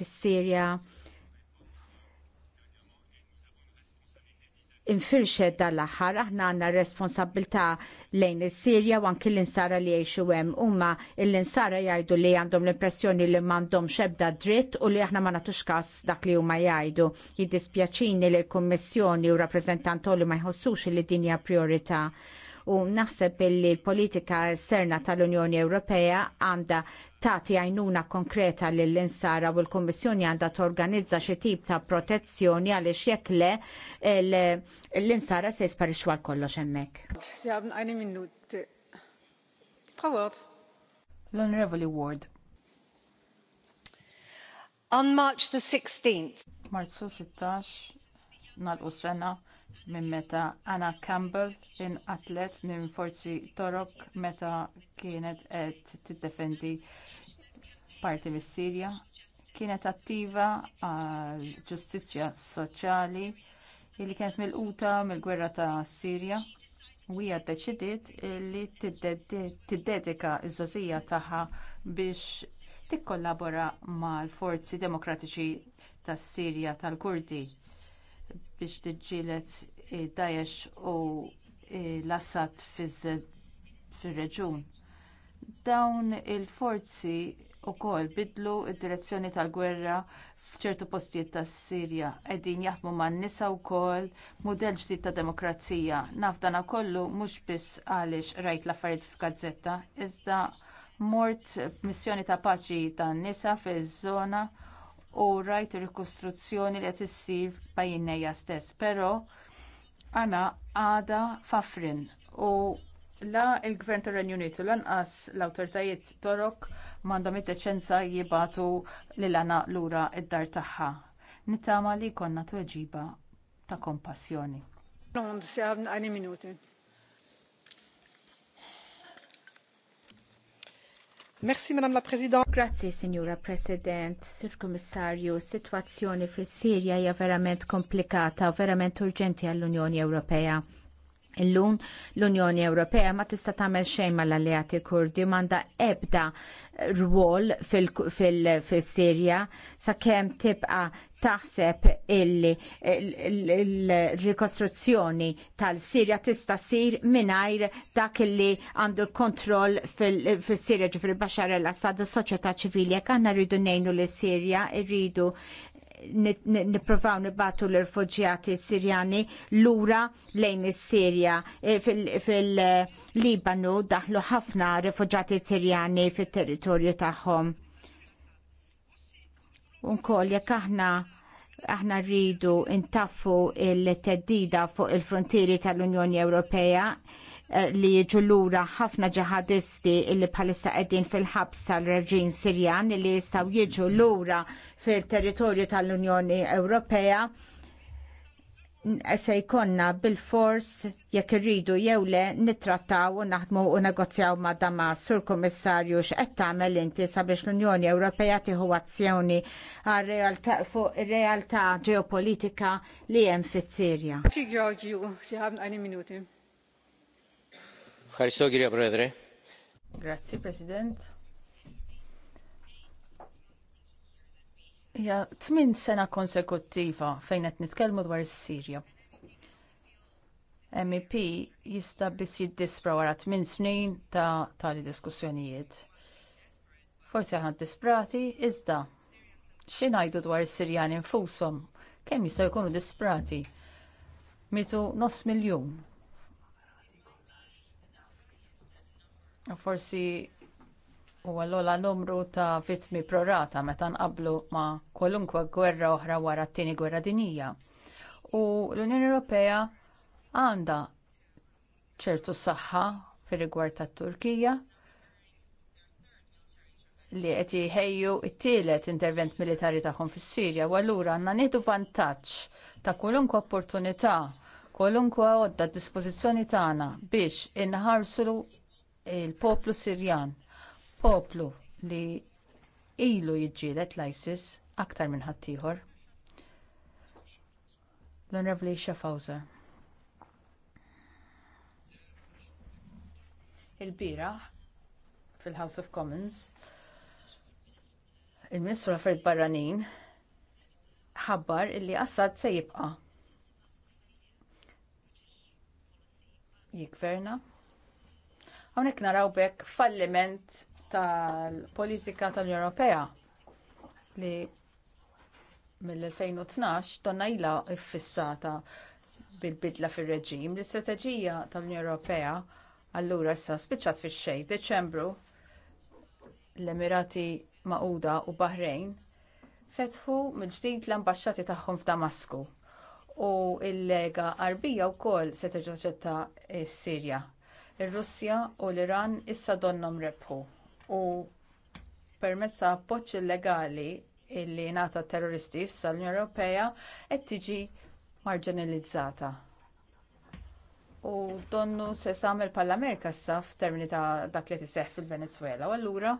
fis-Sirja infirxed dal-aħħar aħna għandna responsabilità lejn is-Sirja u anki l-insara li jgħixu hemm huma l-insara jgħidu li għandhom l-impressjoni li m'għandhomx ebda dritt u li aħna ma nagħtux każ dak li huma jgħidu. Jiddispjaċini li l-Kummissjoni u rappreżentant li ma jħossux li din hija priorità u naħseb illi l-politika esterna tal-Unjoni Ewropea għandha tagħti għajnuna konkreta lill insara u l-Kummissjoni għandha torganizza xi tip ta' protezzjoni għaliex jekk le l-insara se jisparixxu għal kollo hemmhekk. l honorable Ward. On March the 16th. Marzu 16, nal sena, minn meta Anna Campbell atlet minn forzi torok meta kienet qed tiddefendi parti mis-Sirja. Kienet attiva għal ġustizzja soċjali li kienet milquta mill-gwerra ta' Sirja u hija ddeċidiet li tiddedika ż-żożija tagħha biex tikkollabora mal-forzi demokratiċi tas-Sirja tal-Kurdi biex tiġġielet Daesh u l-Assad fir-reġun. Dawn il-forzi wkoll bidlu d direzzjoni tal-gwerra f'ċertu postijiet tas-Sirja qegħdin jaħdmu man-nisa wkoll mudell ġdid ta' demokrazija. Naf kollu mhux biss għaliex rajt l-affarijiet f'gazzetta, iżda mort missjoni ta' paċi tan-nisa fiż-żona u rajt ir-rikostruzzjoni li qed issir bajnejja stess. Però għana għada fafrin u la il-Gvern tar renju Unitu lanqas l awtoritajiet torok m'għandhom it teċenza jibatu li lana lura id-dar tagħha. Nittama li jkollna tweġiba ta' kompassjoni. Rond, se għani minuti. Merci, Madame la President. Grazie, Signora President. Sir Kommissarju, situazzjoni fis sirja hija verament komplikata, verament urġenti għall-Unjoni Ewropea. Illum l-Unjoni Ewropea ma tista' tagħmel xejn mal-alleati Kurdi m'għandha ebda rwol fil-Sirja sakemm tibqa' taħseb illi rikostruzzjoni tal-Sirja tista' sir mingħajr dak illi għandu l-kontroll fil-Sirja ġifri Bashar al-Assad u soċjetà ċivili jekk aħna rridu ngħinu li Sirja rridu nipprovaw nibatu l-rifuġjati Sirjani lura lejn is-Sirja e, fil-Libanu daħlu ħafna rifuġjati Sirjani fit-territorju tagħhom Unkol jekk aħna aħna rridu intaffu il-teddida fuq il-frontieri tal-Unjoni Ewropea eh, li jiġu lura ħafna ġihadisti li bħalissa qegħdin fil-ħabs tal-reġim Sirjan li jistgħu jiġu lura fil-territorju tal-Unjoni Ewropea se jkollna bil-fors jekk irridu jew le nittrattaw u naħdmu u negozjaw ma' Damas sur Kummissarju x'qed tagħmel inti sabiex l-Unjoni Ewropea tieħu azzjoni fuq ir-realtà ġeopolitika li hemm fis-Sirja. Grazie President. hija tmien sena konsekuttiva fejn qed nitkellmu dwar is-Sirja. MEP jista' biss jiddispra wara tmien snin ta' tali diskussjonijiet. Forsi aħna disprati, iżda xi ngħidu dwar is-Sirjani infushom kemm jistgħu jkunu disprati? Mitu nofs miljun. Forsi u għallola numru ta' vittmi prorata meta nqablu ma' kwalunkwe gwerra oħra wara t-tieni gwerra dinija. U l-Unjoni Ewropea għandha ċertu saħħa fir rigward tat Turkija li qed jħejju t-tielet intervent militari tagħhom fis-Sirja u allura għandna nieħdu vantaġġ ta' kwalunkwe opportunità, kwalunkwe għodda d dispożizzjoni tagħna biex inħarsu l poplu Sirjan poplu li ilu jiġġielet l-ISIS aktar minn ħaddieħor. L-Onorevoli Schaffhauser. Il-biraħ fil-House of Commons il-Ministru l-Affarijiet Barranin ħabbar illi Assad se jibqa' jikverna. Hawnhekk naraw bekk falliment tal-politika tal Ewropea li mill-2012 tonna ilha ffissata bil-bidla fir-reġim. L-istrateġija tal-Unjoni Ewropea allura issa spiċċat fix-xejn. Deċembru l-Emirati Magħquda u Bahrein fetħu mill-ġdid l-ambaxxati tagħhom f'Damasku u l-Lega Arbija wkoll se terġa' s-Sirja. Ir-Russja u l-Iran issa donhom rebħu u permezz ta' appoġġ illegali illi nata terroristi issa l-Unjoni Ewropea qed tiġi marginalizzata. U donnu se samel pal amerika issa f'termini ta' dak li tiseħ fil-Venezuela. U allura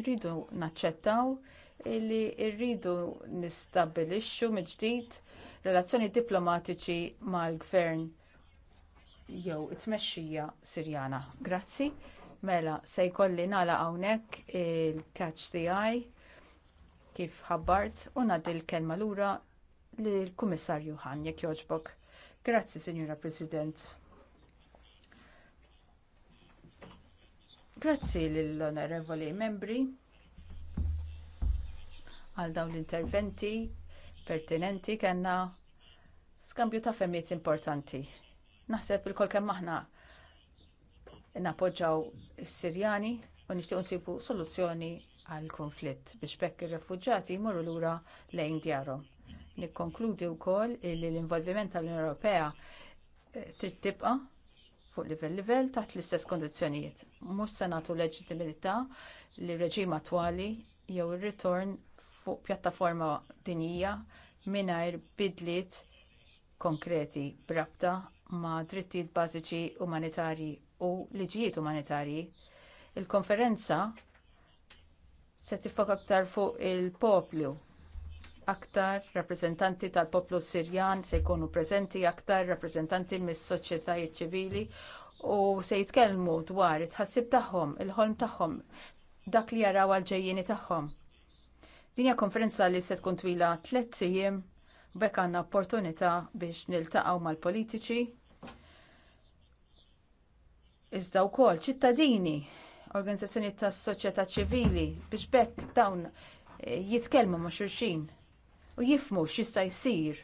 rridu naċċettaw illi rridu nistabilixxu mi ġdid relazzjoni diplomatiċi mal-gvern jew it-tmexxija Sirjana. Grazzi. Mela, se jkolli nala hawnhekk il-catch the eye kif ħabbart u nagħti l-kelma lura lill-Kummissarju Han jekk jogħġbok. Grazzi, Sinjura President. Grazzi lill-onorevoli membri għal dawn l-interventi pertinenti kellna skambju ta' femmiet importanti. Naħseb il-kol kemm aħna napoġġaw is-Sirjani u nixtiequ nsibu soluzzjoni għal konflitt biex bekk ir-refuġġati jmorru lura lejn djarhom. Nikkonkludi wkoll li l-involviment tal-Unjoni Ewropea eh, trid tibqa' fuq livell livell taħt l-istess kondizzjonijiet. Mhux se nagħtu leġittimità li reġim attwali jew ir-ritorn fuq pjattaforma dinjija mingħajr bidliet konkreti b'rabta ma' drittijiet bażiċi umanitarji u liġijiet umanitarji. Il-konferenza se tifok aktar fuq il-poplu. Aktar rappreżentanti tal-poplu Sirjan se jkunu preżenti aktar rappreżentanti mis-soċjetajiet ċivili u se jitkellmu dwar it-ħassib tagħhom, il-ħolm tagħhom, dak li jaraw għal-ġejjini tagħhom. Dinja konferenza li se tkun twila tliet ijiem bekk għandna opportunità biex niltaqgħu mal-politiċi, iżda wkoll ċittadini, organizzazzjonijiet tas soċjetà ċivili biex bekk dawn eh, jitkellmu ma' xulxin u jifmu x'jista' jsir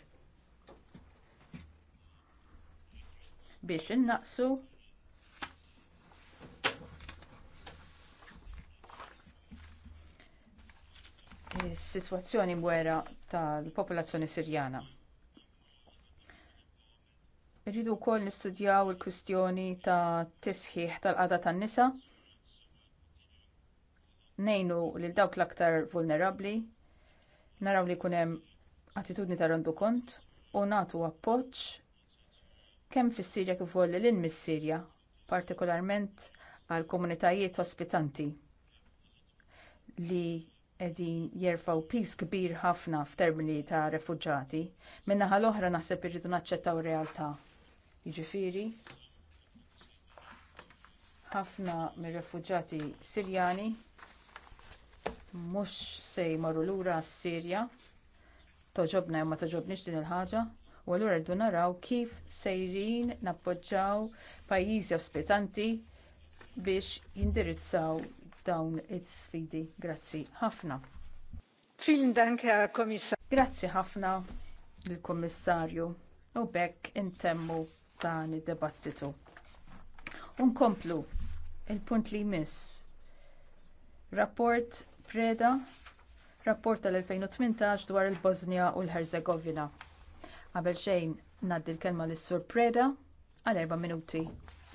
biex innaqsu is-sitwazzjoni mwera tal-popolazzjoni Sirjana. Rridu wkoll nistudjaw il-kwistjoni ta' tisħiħ tal-qada tan-nisa. Nejnu lil dawk l-aktar vulnerabbli, naraw li jkun hemm attitudni ta' rendu kont u nagħtu appoġġ kemm fis-Sirja kif ukoll lil mis-Sirja, partikolarment għal komunitajiet ospitanti li qegħdin jerfaw pis kbir ħafna f'termini ta' refuġġati, min-naħa l-oħra naħseb irridu naċċettaw ir-realtà. Jiġifieri ħafna mir-refuġġati Sirjani mhux se jmorru lura s-Sirja toġobna jew ma toġobniex din il-ħaġa u allura rridu naraw kif sejrin nappoġġjaw pajjiżi ospitanti biex jindirizzaw dawn is-sfidi. Grazzi ħafna. Vielen Dank, Kommissar. Grazzi ħafna il kummissarju U bekk intemmu tani id-debattitu. Unkomplu il-punt li jmiss. Rapport preda, rapport tal-2018 dwar il-Bosnia u l-Herzegovina. Qabel xejn naddi l-kelma lis-sur preda għal erba' minuti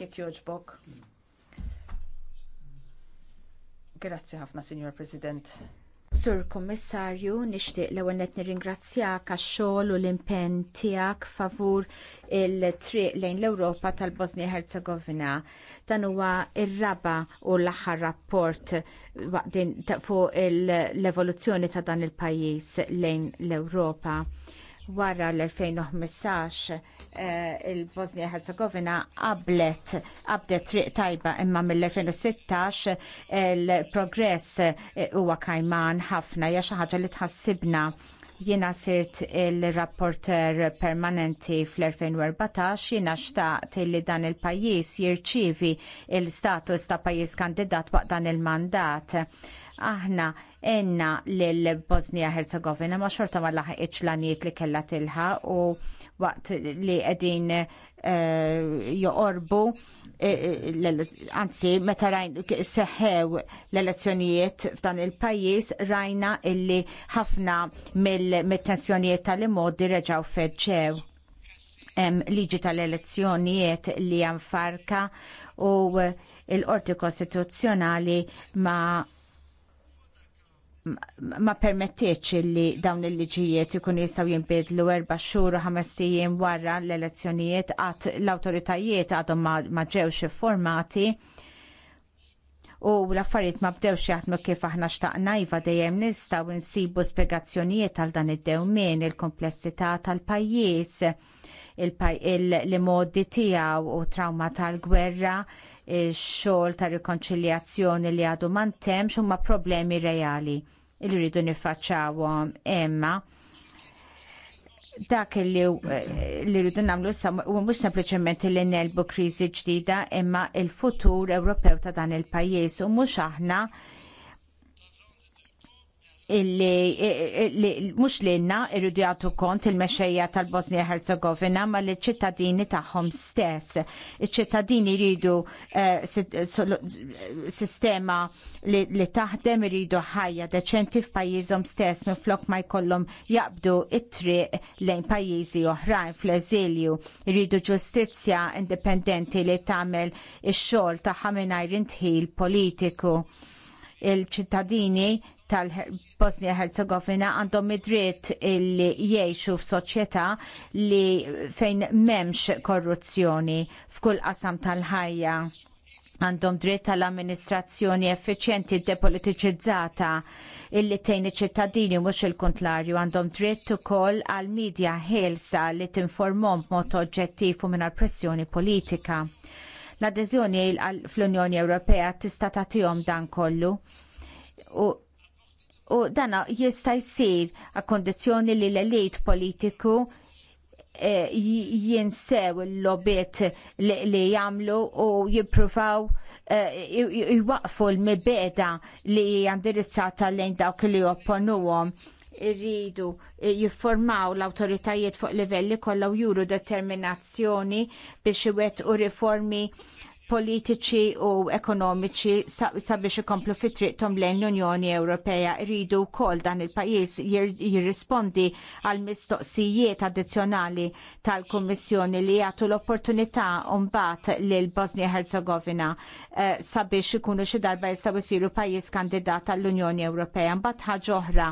jekk jogħġbok. Grazzi ħafna, Signor President. Sur Kommissarju, nixtieq l ewwel qed nirringrazzjak għax-xogħol u l-impenn tiegħek favur il-triq lejn l-Ewropa tal-Bosnia Herzegovina. Dan huwa r raba u l-aħħar rapport fuq l-evoluzzjoni ta' dan il-pajjiż lejn l-Ewropa wara l-2015 eh, il-Bosnia Herzegovina qablet qabdet triq tajba imma mill-2016 il-progress eh, huwa kajman ħafna ja xi ħaġa li tħassibna jiena sirt il-rapporter permanenti fl-2014 jiena xtaqt li dan il pajjiż jirċievi l status ta' pajjiż kandidat waqt dan il-mandat Aħna enna l-Bosnia Herzegovina ma xorta ma laħ iċlaniet li kella tilħa u waqt li qegħdin eh, joqorbu eh, anzi meta rajn seħħew l-elezzjonijiet f'dan il-pajjiż rajna illi ħafna mill-tensjonijiet tal-imodi reġgħu feġġew liġi tal-elezzjonijiet li hemm farka u l-Qorti Kostituzzjonali ma ma permettieċ li dawn il-liġijiet ikun jistgħu jinbidlu erba xhur u ħames tijiem wara l-elezzjonijiet għad l awtoritajiet għadhom ma ġewx informati u l-affarijiet ma bdewx jaħdmu kif aħna xtaqna jiva dejjem nistgħu nsibu spjegazzjonijiet għal dan id-dewmien il-komplessità tal-pajjiż il-modi tiegħu u trauma tal-gwerra xogħol ta' rikonċiljazzjoni li għadu mantemx huma problemi reali li rridu niffaċċawhom imma dak eh, li rridu nagħmlu issa huwa mhux sempliċement li nelbu kriżi ġdida imma il-futur Ewropew ta' dan il-pajjiż u mhux aħna illi mhux lilna irridu jagħtu kont il-mexxejja tal-Bosnia Herzegovina ma li ċittadini tagħhom stess. Iċ-ċittadini jridu eh, sistema li taħdem iridu ħajja deċenti f'pajjiżhom stess minflok ma jkollhom jaqbdu it-triq lejn pajjiżi oħrajn fl-eżilju. Jridu ġustizzja indipendenti li tagħmel ix-xogħol tagħha mingħajr intħil politiku il-ċittadini tal-Bosnia Herzegovina għandhom id-dritt li jgħixu f'soċjetà li fejn m'hemmx korruzzjoni f'kull qasam tal-ħajja għandhom dritt tal-amministrazzjoni effiċjenti depolitiċizzata illi tejn iċ-ċittadini mhux il-kontlarju għandhom dritt ukoll għal midja ħelsa li tinformhom b'mod oġġettiv u mingħajr pressjoni politika. L-adeżjoni fl-Unjoni Ewropea tista' tagħtihom dan kollu. U U dana jista' jsir a kondizzjoni li l-elit politiku eh, jinsew l-lobiet li jagħmlu u jippruvaw jwaqfu eh, l-mibeda li jandirizzata lejn dawk li opponuhom irridu eh, jiffurmaw l awtoritajiet fuq livelli kollha juru determinazzjoni biex iwettqu riformi politiċi u ekonomiċi sabiex ikomplu fit-triqtom lejn l-Unjoni Ewropea rridu wkoll dan il-pajjiż jirrispondi għal mistoqsijiet addizzjonali tal-Kummissjoni li jagħtu l-opportunità mbagħad lil Bosnia Herzegovina eh, sabiex ikunu xi darba jistgħu jsiru pajjiż kandidat għall-Unjoni Ewropea. Mbagħad ħaġa oħra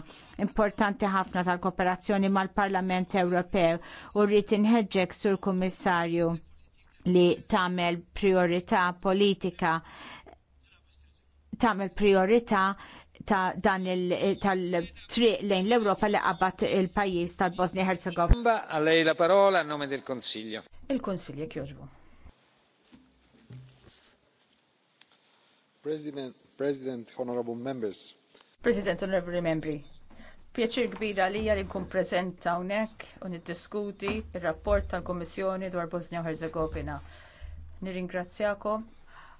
importanti ħafna tal-kooperazzjoni mal-Parlament Ewropew u rrid inħeġġek sur Kummissarju li tagħmel priorità politika tagħmel priorità ta' dan tal-triq lejn l-Ewropa li qabad il-pajjiż tal-Bosnia Herzegovina. A lei la parola a nome del Consiglio. Il-Konsilje kjoġbu. President, President, Honorable Members. President, Honorable Membri. Pjaċir kbira li li nkun preżenta hawnhekk u niddiskuti r rapport tal-Kummissjoni dwar Bosnia u Herzegovina. Nirringrazzjakom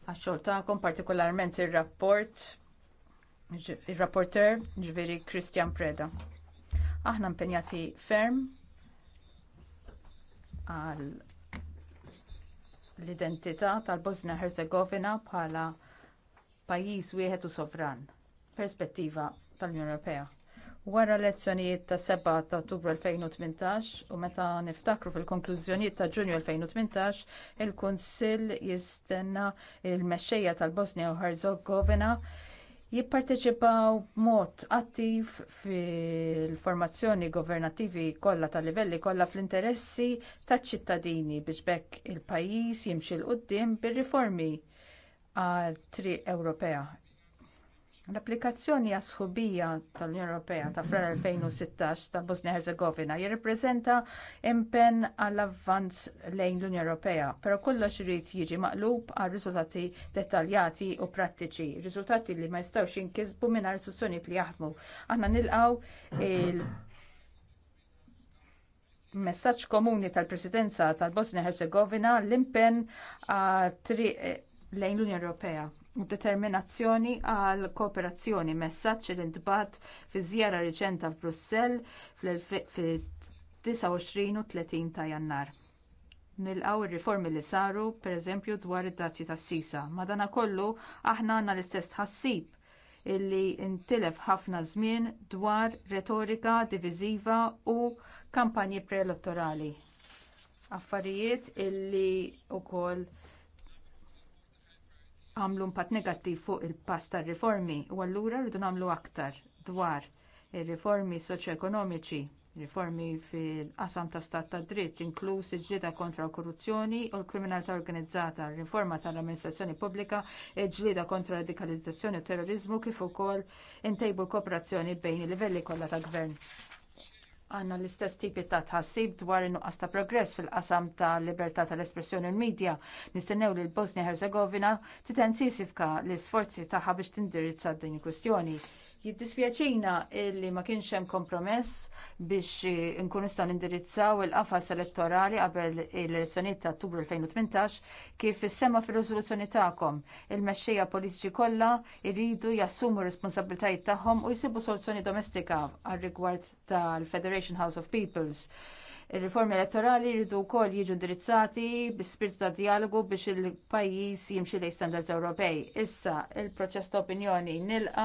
għax-xogħol tagħkom partikolarment ir-rapport ir-rapporter ġveri Christian Preda. Aħna impenjati ferm għal l-identità tal-Bosnia Herzegovina bħala pajjiż wieħed u sovran. Perspettiva tal-Unjoni Ewropea Wara l-elezzjonijiet ta' 7 ta' Ottubru 2018 u meta niftakru fil-konklużjonijiet ta' Ġunju 2018, il-Kunsill jistenna il-mexxejja tal-Bosnia u Herzegovina jipparteċipaw b'mod attiv fil-formazzjoni governattivi kollha tal-livelli kollha fl-interessi taċ-ċittadini biex bekk il-pajjiż jimxi l qudiem bir-riformi għal triq Ewropea. L-applikazzjoni għasħubija tal-Unjoni Ewropea ta' fl-2016 ta' Bosnia Herzegovina jirrappreżenta impenn għall-avvanz lejn l-Unjoni Ewropea, però kollox irid jiġi maqlub għal riżultati dettaljati u prattiċi, riżultati li ma jistgħux jinkisbu mingħajr istituzzjonijiet li jaħdmu. Aħna nilqgħu il- messaġġ komuni tal-Presidenza tal-Bosnia Herzegovina l-impenn triq lejn l-Unjoni Ewropea determinazzjoni għal kooperazzjoni messaġġ li ntbagħat fi żjara riċenta f'Brussell fl 29 u 30 ta' Jannar. Nilqgħu ir-riformi li saru, pereżempju dwar id-dazzi tas-sisa. Madankollu aħna għandna l-istess tħassib illi ntilef ħafna żmien dwar retorika diviżiva u kampanji preelettorali. Affarijiet illi wkoll għamlu impatt negattiv fuq il-pass tar-riformi u allura rridu nagħmlu aktar dwar reformi soċ ekonomiċi, riformi fil-qasam ta' stat ta' dritt, inkluż il-ġlieda kontra korruzzjoni u l-kriminalità organizzata, riforma tal-amministrazzjoni pubblika, il-ġlieda kontra radikalizzazzjoni u terrorizmu kif ukoll intejbu l-kooperazzjoni bejn il-livelli kollha ta' gvern. Għanna l-istess tipi ta' tħassib dwar in-nuqqas ta' progress fil-qasam ta' libertà tal-espressjoni u l-medja. Nistennew li l-Bosnia Herzegovina titensisifka l-isforzi tagħha biex tindirizza din il-kwistjoni. Jiddispjaċina illi ma kienx hemm kompromess biex nkun nistgħu nindirizzaw il-qafas elettorali qabel l-elezzjonijiet ta' Ottubru 2018 kif issemma fir-riżoluzzjoni tagħkom. Il-mexxejja politiċi kollha jridu jassumu r responsabbiltajiet tagħhom u jsibu soluzzjoni domestika għar rigward tal-Federation House of Peoples. Ir-riformi elettorali jridu wkoll jiġu indirizzati bis spirtu ta' dialogu biex il-pajjiż jimxi lejn standards Ewropej. Issa il-proċess ta' opinjoni nilqa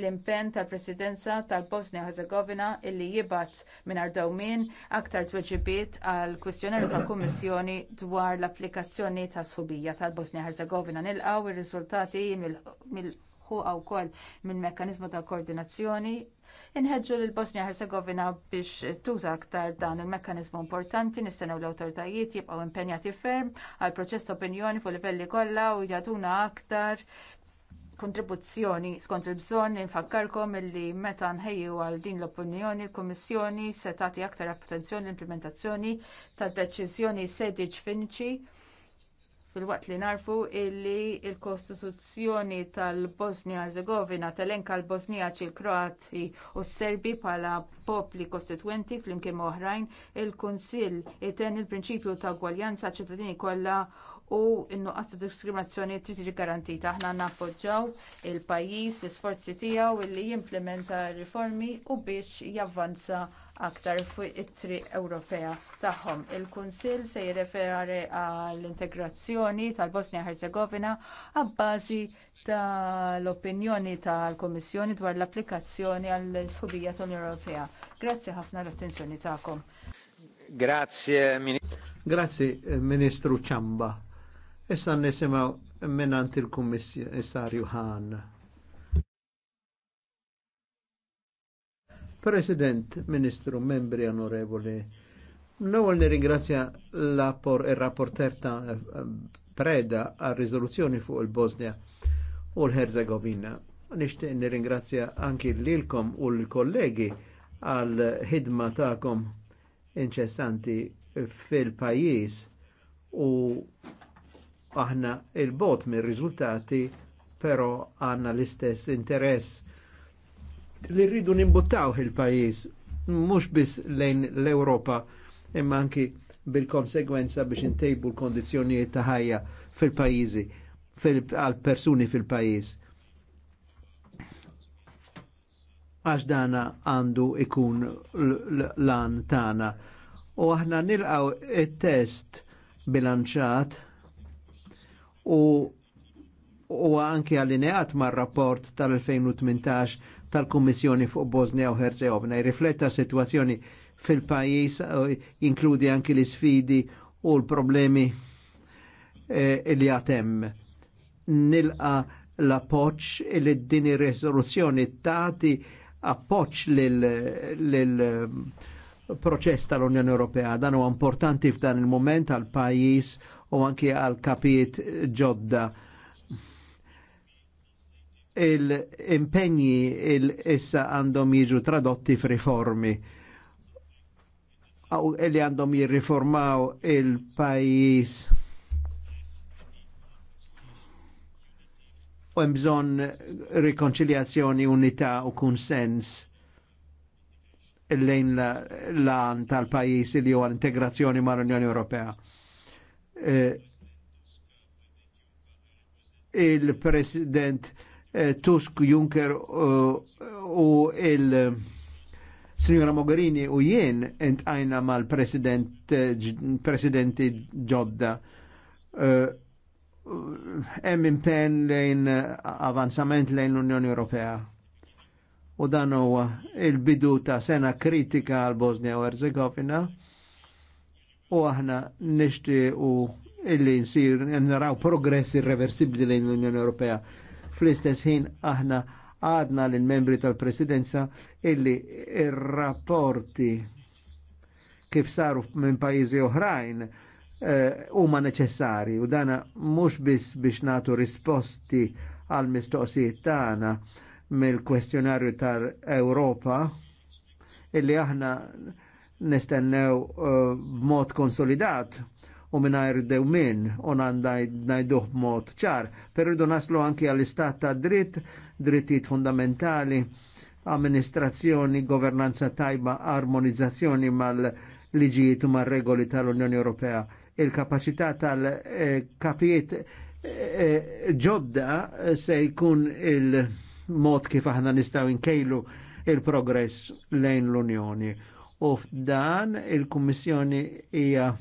l-impenn tal-Presidenza tal-Bosnia Herzegovina illi jibgħat mingħajr dawmin aktar tweġibiet għal kwistjonarju tal-Kummissjoni dwar l-applikazzjoni ta' sħubija tal-Bosnia Herzegovina nilqaw ir-riżultati mill ħuqa wkoll minn mekkaniżmu ta' koordinazzjoni Inħeġġu lil bosnia Herzegovina biex tuża aktar dan il-mekkaniżmu importanti, nistennew l-awtoritajiet jibqgħu impenjati ferm għal proċess ta' opinjoni fuq livelli kollha u jagħtuna aktar kontribuzzjoni skont il-bżonn infakkarkom illi meta nħejju għal din l-opinjoni l-Kummissjoni se tagħti aktar attenzjoni l-implementazzjoni tad deċiżjoni sediġ finċi fil-waqt li narfu illi l il kostituzzjoni tal-Bosnia Herzegovina telenka l-Bosniaċi, il-Kroati u s-Serbi bħala popli kostitwenti flimkien imkien oħrajn, il-Kunsill iten il-prinċipju ta' gwaljanza ċittadini kollha u n-nuqqas ta' diskriminazzjoni trid tiġi garantita. Aħna nappoġġaw il-pajjiż l-isforzi tiegħu illi jimplementa r riformi u biex javvanza aktar fuq it-triq Ewropea tagħhom. Il-Kunsill se jirreferi għall-integrazzjoni tal-Bosnia Herzegovina għabbażi tal-opinjoni tal-Kummissjoni dwar l-applikazzjoni għall-Sħubija tal-Unjoni Ewropea. Grazzi ħafna l-attenzjoni tagħkom. Grazie, Ministru. Grazie, eh, Ministru Ciamba. Issa nisimaw minnant il-Kummissarju President, Ministru, membri onorevoli, L-ewwel nirringrazzja ir-rapporter ta' preda għal riżoluzzjoni fuq il-Bosnia u l-Herzegovina. Nixtieq nirringrazzja anki lilkom u l-kollegi għal ħidma ta'kom inċessanti fil-pajjiż u aħna il-bot mir-riżultati però għanna l-istess interess li rridu nimbuttaw il-pajis, mux biss lejn l-Europa, imma anki bil-konsegwenza biex intejbu l-kondizjonijiet ta' ħajja fil-pajizi, għal-persuni fil fil-pajis. Għax dana għandu ikun l-lan tana. U aħna nilqaw il-test bilanċat u u anki għallineat mar rapport tal-2018 tal kommissjoni fuq Bosnia u Herzegovina jirrifletta situazzjoni fil-pajis, eh, inkludi anki l-sfidi u l-problemi eh, li għatem. Nilqa l-appoċ li din ir-resoluzzjoni tati appoċ lil eh, proċess tal-Unjoni Ewropea. Dan u importanti f'dan il-moment għal pajis u anki għal kapijiet ġodda il-impegni il-issa għandhom jiġu tradotti f f'riformi u li għandhom jirriformaw il-pajis u hemm bżonn rikonċiljazzjoni unità u kunsens lejn l-għan tal-pajis li huwa integrazzjoni mal-Unjoni Ewropea. Eh, Il-President uh, Eh, Tusk, Juncker eh, u il- eh, Signora Mogherini u jien entqajna mal-president presidenti ġodda hemm uh, impenn lejn avanzament lejn l-Unjoni Ewropea. U dan huwa il-bidu ta' sena kritika għal Bosnia u Herzegovina u aħna nixtiequ illi nsir naraw progress irreversibli lejn l-Unjoni Ewropea. Fl-istess ħin aħna għadna l-membri tal-presidenza illi il rapporti kif saru minn pajjiżi oħrajn eh, huma uh, neċessari u dana mhux biss biex nagħtu risposti għal mistoqsijiet tagħna mill-kwestjonarju tal-Ewropa illi aħna nistennew eh, b'mod uh, konsolidat u minnajr dewmin u najduħ mod ċar, perridu naslu anki għall-istat ta' dritt, drittijiet fundamentali, amministrazzjoni, governanza tajba, armonizzazzjoni mal-liġijiet u mal-regoli tal-Unjoni Ewropea. Il-kapacità tal-kapijiet eh, eh, ġodda se jkun il-mod kif aħna nistaw inkejlu il-progress lejn l-Unjoni. U f'dan il-Kummissjoni hija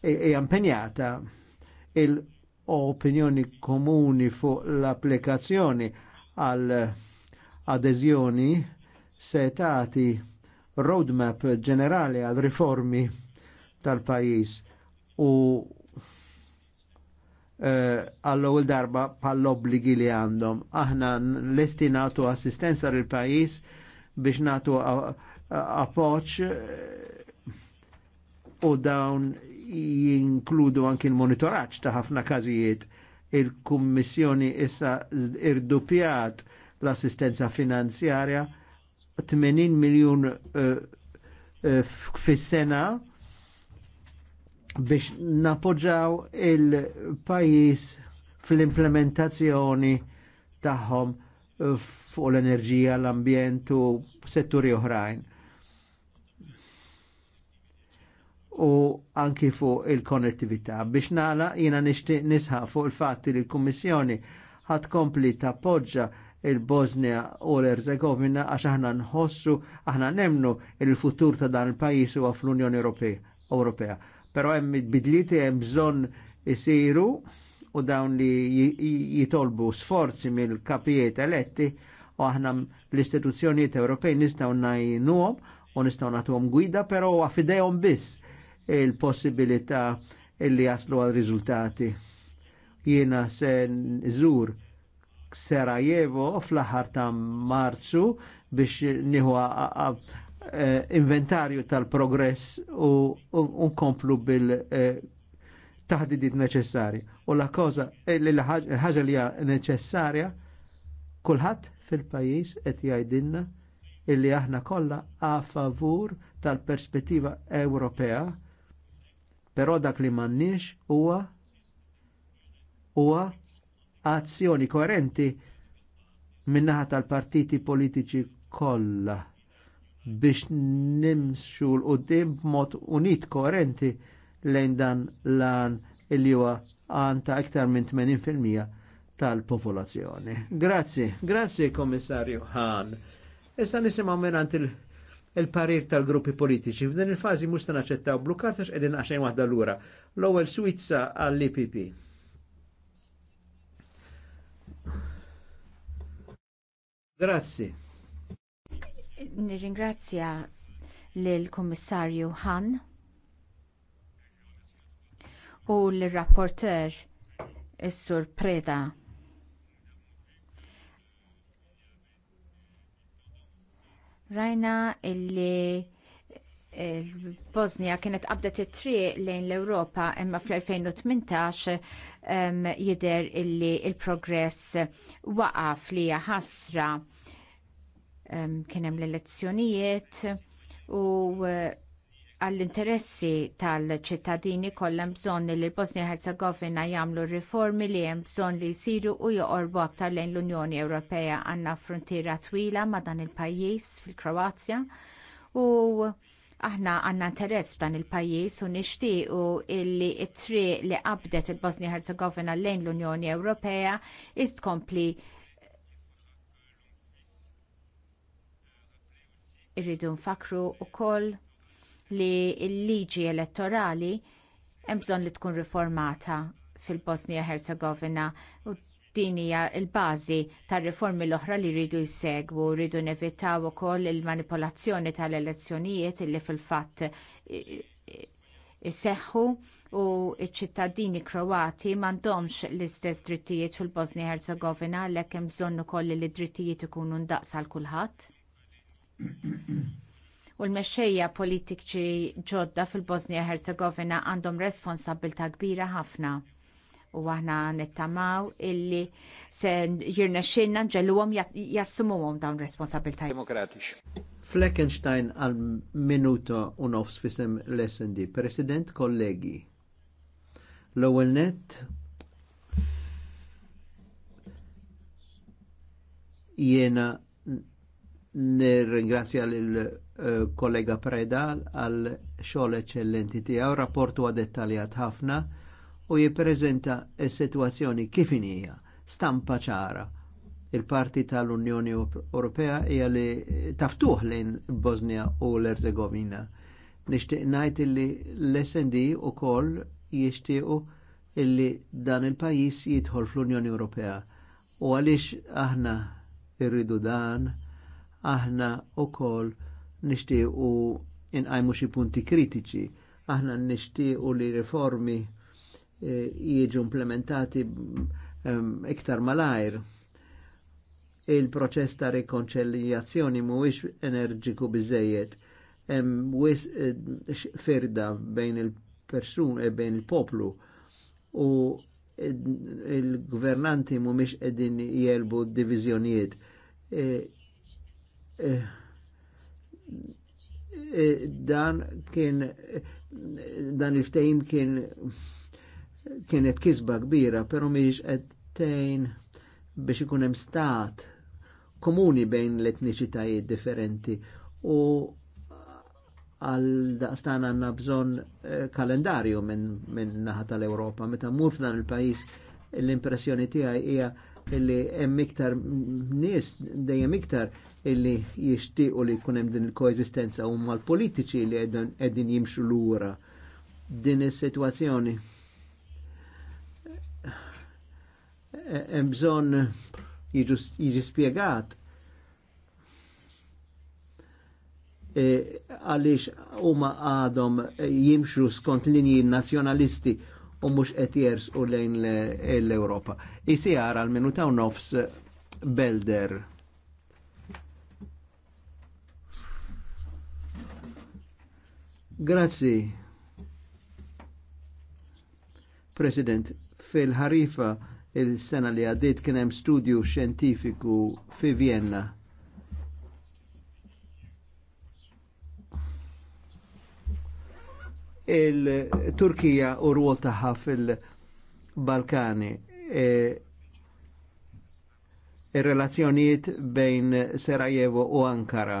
e impenjata il-opinjoni komuni fu l-applikazzjoni għal adeżjoni se roadmap ġenerali għal riformi tal-pajis u għall-ewwel darba pall-obbligi li għandhom. Aħna lesti nagħtu assistenza lil pajjiż biex nagħtu appoġġ u dawn jinkludu anki l-monitoraċ ta' ħafna kazijiet. Il-Kummissjoni issa irdupjat l-assistenza finanzjarja 80 miljon eh, eh, f' fis-sena biex napoġaw il-pajis fl-implementazzjoni tagħhom eh, fuq l-enerġija, l-ambjent u setturi oħrajn u anki fuq il-konnettività. Biex nala jina nishtiq nisħa fuq il-fatti li l-Kummissjoni ħat kompli poġġa il-Bosnia u l-Erzegovina għax aħna nħossu, aħna nemnu il-futur ta' dan il-pajis u fl-Unjoni Ewropea. Pero hemm id-bidliti hemm bżonn isiru u dawn li jitolbu sforzi mill-kapijiet eletti u aħna l-istituzzjonijiet Ewropej nistgħu ngħinuhom u nistgħu nagħtuhom gwida, però f'idejhom biss il-possibilità illi jaslu għal riżultati. Jiena se żur Sarajevo fl-aħħar ta' Marzu biex nieħu eh, inventarju tal-progress u nkomplu bil eh, taħdidit neċessari. U la koza, il-ħaġa eh, li neċessarja, kulħadd fil-pajjiż qed jgħidilna illi aħna kollha a favur tal-perspettiva Ewropea però dak li m'għandniex huwa huwa azzjoni koerenti minnaħa tal-partiti politiċi kollha biex nimxu l qudiem b'mod unit koerenti lejn dan lan il huwa għanta iktar minn 80% tal-popolazzjoni. Grazzi, grazzi komissarju Han. Issa nisimgħu minn il- il-parir tal-gruppi politiċi. F'din il-fazi mux ta' naċċettaw blukkat għax edin għaxajn wahda l ewwel l Swizza għall-IPP. Grazzi. Nirringrazzja l kummissarju Han u l-rapporter is-Sur Preda Rajna illi Bosnia kienet qabdet it-triq lejn l-Ewropa imma fl-2018 jider illi il-progress waqaf li ħasra kienem kien hemm l-elezzjonijiet u għall-interessi tal-ċittadini kollha bżonn li l-Bosnia Herzegovina jagħmlu riformi li hemm bżonn li jsiru u joqorbu aktar lejn l-Unjoni Ewropea għandna frontiera twila ma' dan il-pajjiż fil-Kroazja u aħna għandna interess f'dan il-pajjiż u nixtiequ illi t-triq li qabdet il-Bosnia Herzegovina lejn l-Unjoni Ewropea istkompli irridu nfakru wkoll li l-liġi elettorali hemm bżonn li tkun riformata fil-Bosnia Herzegovina u din hija l-bażi tar-riformi l-oħra li jridu u rridu nevitaw ukoll il-manipolazzjoni tal-elezzjonijiet li fil-fatt iseħħu u ċ-ċittadini Kroati m'għandhomx l-istess drittijiet fil-Bosnia Herzegovina għalhekk hemm bżonn ukoll li d-drittijiet ikunu ndaqsa l kulħadd u l-mexxejja politiċi ġodda fil-Bosnia Herzegovina għandhom responsabilta kbira ħafna u aħna nittamaw illi se jirna xinna nġelluhom jassumuhom dawn responsabilta. Demokratiċ. Fleckenstein għal minuto u nofs fisem l-SND. President kollegi, l-ewwel net jiena Nirringrazzja l-kollega eh, Preda għal xogħol eċċellenti tiegħu, rapportu dettaljat ħafna u jippreżenta s-sitwazzjoni kif hija, stampa ċara. Il-parti tal-Unjoni Ewropea hija li taftuħ lejn Bosnia u l-Erzegovina. Nixtieq ngħid li l-SND ukoll jixtiequ illi dan il-pajjiż jidħol fl-Unjoni Ewropea. U għaliex aħna irridu dan aħna u kol nishtiqu inqajmu xi punti kritiċi, aħna nishtiqu li riformi eh, jieġu implementati ehm, iktar malajr. Il-proċess ta' rikonċeljazzjoni mhuwiex enerġiku biżejjed. Hemm wis eh, firda bejn il-persun e bejn il-poplu u il-gvernanti mhumiex qegħdin jelbu diviżjonijiet Eh, eh, dan kien dan il-ftejim kien kienet kisba kbira, pero miex għedtejn biex ikun hemm stat komuni bejn l-etniċitajiet differenti u għal daqstan għanna bżon eh, kalendarju minn min naħa tal-Europa. Meta mur f'dan il-pajis l-impressjoni tiegħi hija illi hemm iktar nies dejjem iktar illi jixtiequ li jkun hemm din il-koeżistenza huma l-politiċi li qegħdin jimxu lura din is-sitwazzjoni. Hemm bżonn jiġi spjegat e, għaliex huma għadhom jimxu skont linji nazzjonalisti u mux etjers u lejn l-Europa. ICR għal-minuta u nofs Belder. Grazzi. President, fil-ħarifa il-sena li għaddit kien hemm studju xentifiku fi Vienna il-Turkija u rwol taħħa fil-Balkani. ir e, il-relazzjoniet bejn Sarajevo u Ankara.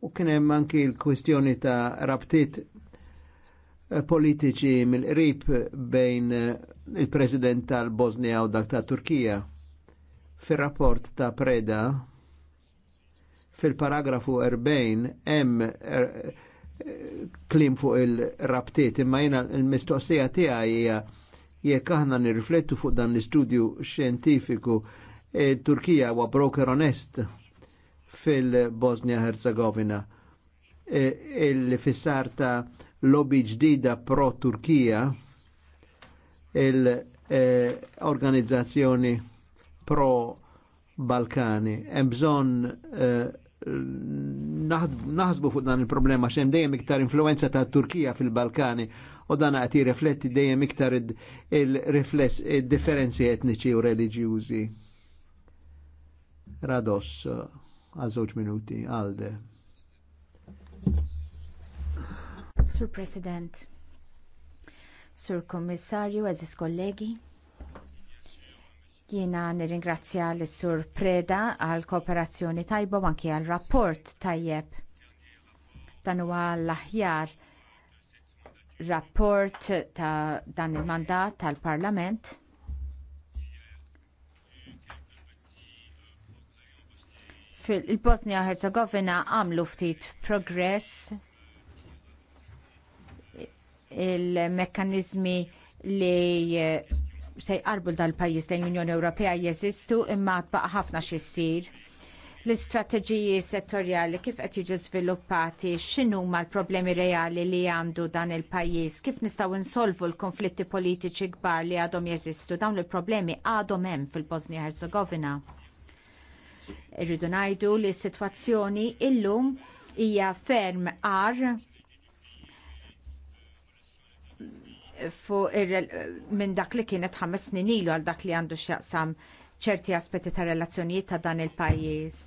U kienem anki l-kwistjoni ta' rabtiet politiċi mill-qrib bejn il-President tal-Bosnia u dak ta' Turkija. Fir-rapport ta' Preda, fil-paragrafu 40 hemm klim fuq il-rabtiet, imma jena il-mistoqsija tiegħi hija jekk aħna nirriflettu fuq dan l-istudju xjentifiku e, Turkija huwa broker onest fil-Bosnia Herzegovina e, il-fissar ta' lobby ġdida pro-Turkija il-organizzazzjoni e, pro-Balkani. Hemm bżonn naħsbu fuq dan il-problema xem dejjem iktar influenza ta' Turkija fil-Balkani u dan għati rifletti dejjem iktar il-rifless differenzi etniċi u religjużi. Rados, għal żewġ minuti, għalde. Sur President, Sur Kommissarju, eżis kollegi, Jiena nirringrazzja l-Sur Preda għal kooperazzjoni tajba u anki għal rapport tajjeb. Dan huwa l-aħjar rapport ta' dan il-mandat tal-Parlament. Fil-Bosnia Herzegovina għamlu ftit progress il-mekkanizmi li se jqarbu dal-pajjiż lejn Unjoni Ewropea jeżistu imma tbaq ħafna x'issir. L-istrateġiji settorjali kif qed jiġu żviluppati, x'inhuma l-problemi reali li għandu dan il-pajjiż, kif nistgħu insolvu l-konflitti politiċi kbar li għadhom jeżistu, dawn il-problemi għadhom hemm fil-Bosnia Herzegovina. Irridu ngħidu li s-sitwazzjoni illum hija ferm għar minn dak li kienet ħames snin ilu għal dak li għandu x'jaqsam ċerti aspetti ta' relazzjonijiet ta' dan il-pajjiż.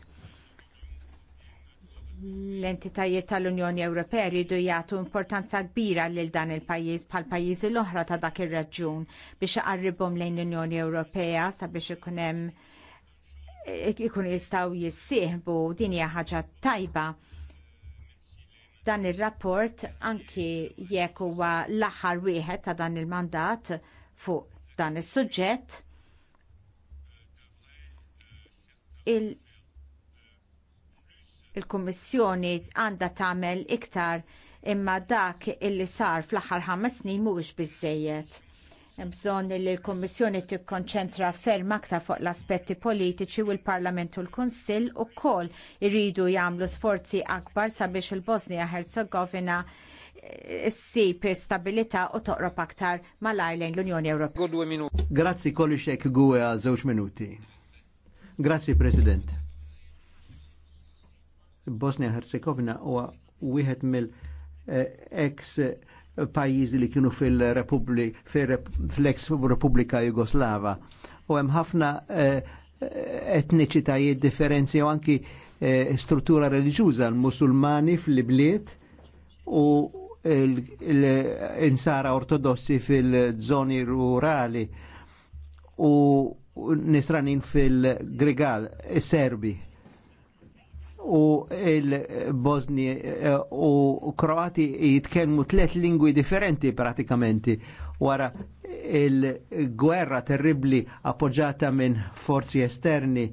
L-entitajiet tal-Unjoni Ewropea jridu jagħtu importanza kbira lil dan il-pajjiż bħal pajjiżi l-oħra ta' dak ir-reġjun biex iqarribhom lejn l-Unjoni Ewropea sabiex ikun hemm ikun jistgħu jissieħbu din hija ħaġa tajba Dan ir-rapport anki jekk huwa l-aħħar wieħed ta' dan il-mandat fuq dan is-suġġett il il-Kummissjoni għandha tagħmel iktar imma dak illi sar fl-aħħar ħames snin mhuwiex biżżejjed bżonn li l-Kummissjoni tikkonċentra ferm aktar fuq l-aspetti politiċi u l-Parlament u l-Kunsill ukoll iridu jagħmlu sforzi akbar sabiex il-Bosnia Herzegovina eh, ssib stabilità u toqrob aktar mal lejn l-Unjoni Ewropea. Grazzi kolli xek għuwe għal żewġ minuti. Grazzi President. Bosnia Herzegovina huwa wieħed mill-ex eh, pajjiżi li kienu fil-ex Repubblika Jugoslava. U hemm ħafna eh, eh, etniċitajiet differenzi u anki eh, struttura reliġjuża l-Musulmani fil-bliet u l-insara ortodossi fil-żoni rurali u nisranin fil-Grigal, serbi u il-Bosni eh, u Kroati jitkelmu tlet lingwi differenti pratikamenti wara il-gwerra terribli appoġġata minn forzi esterni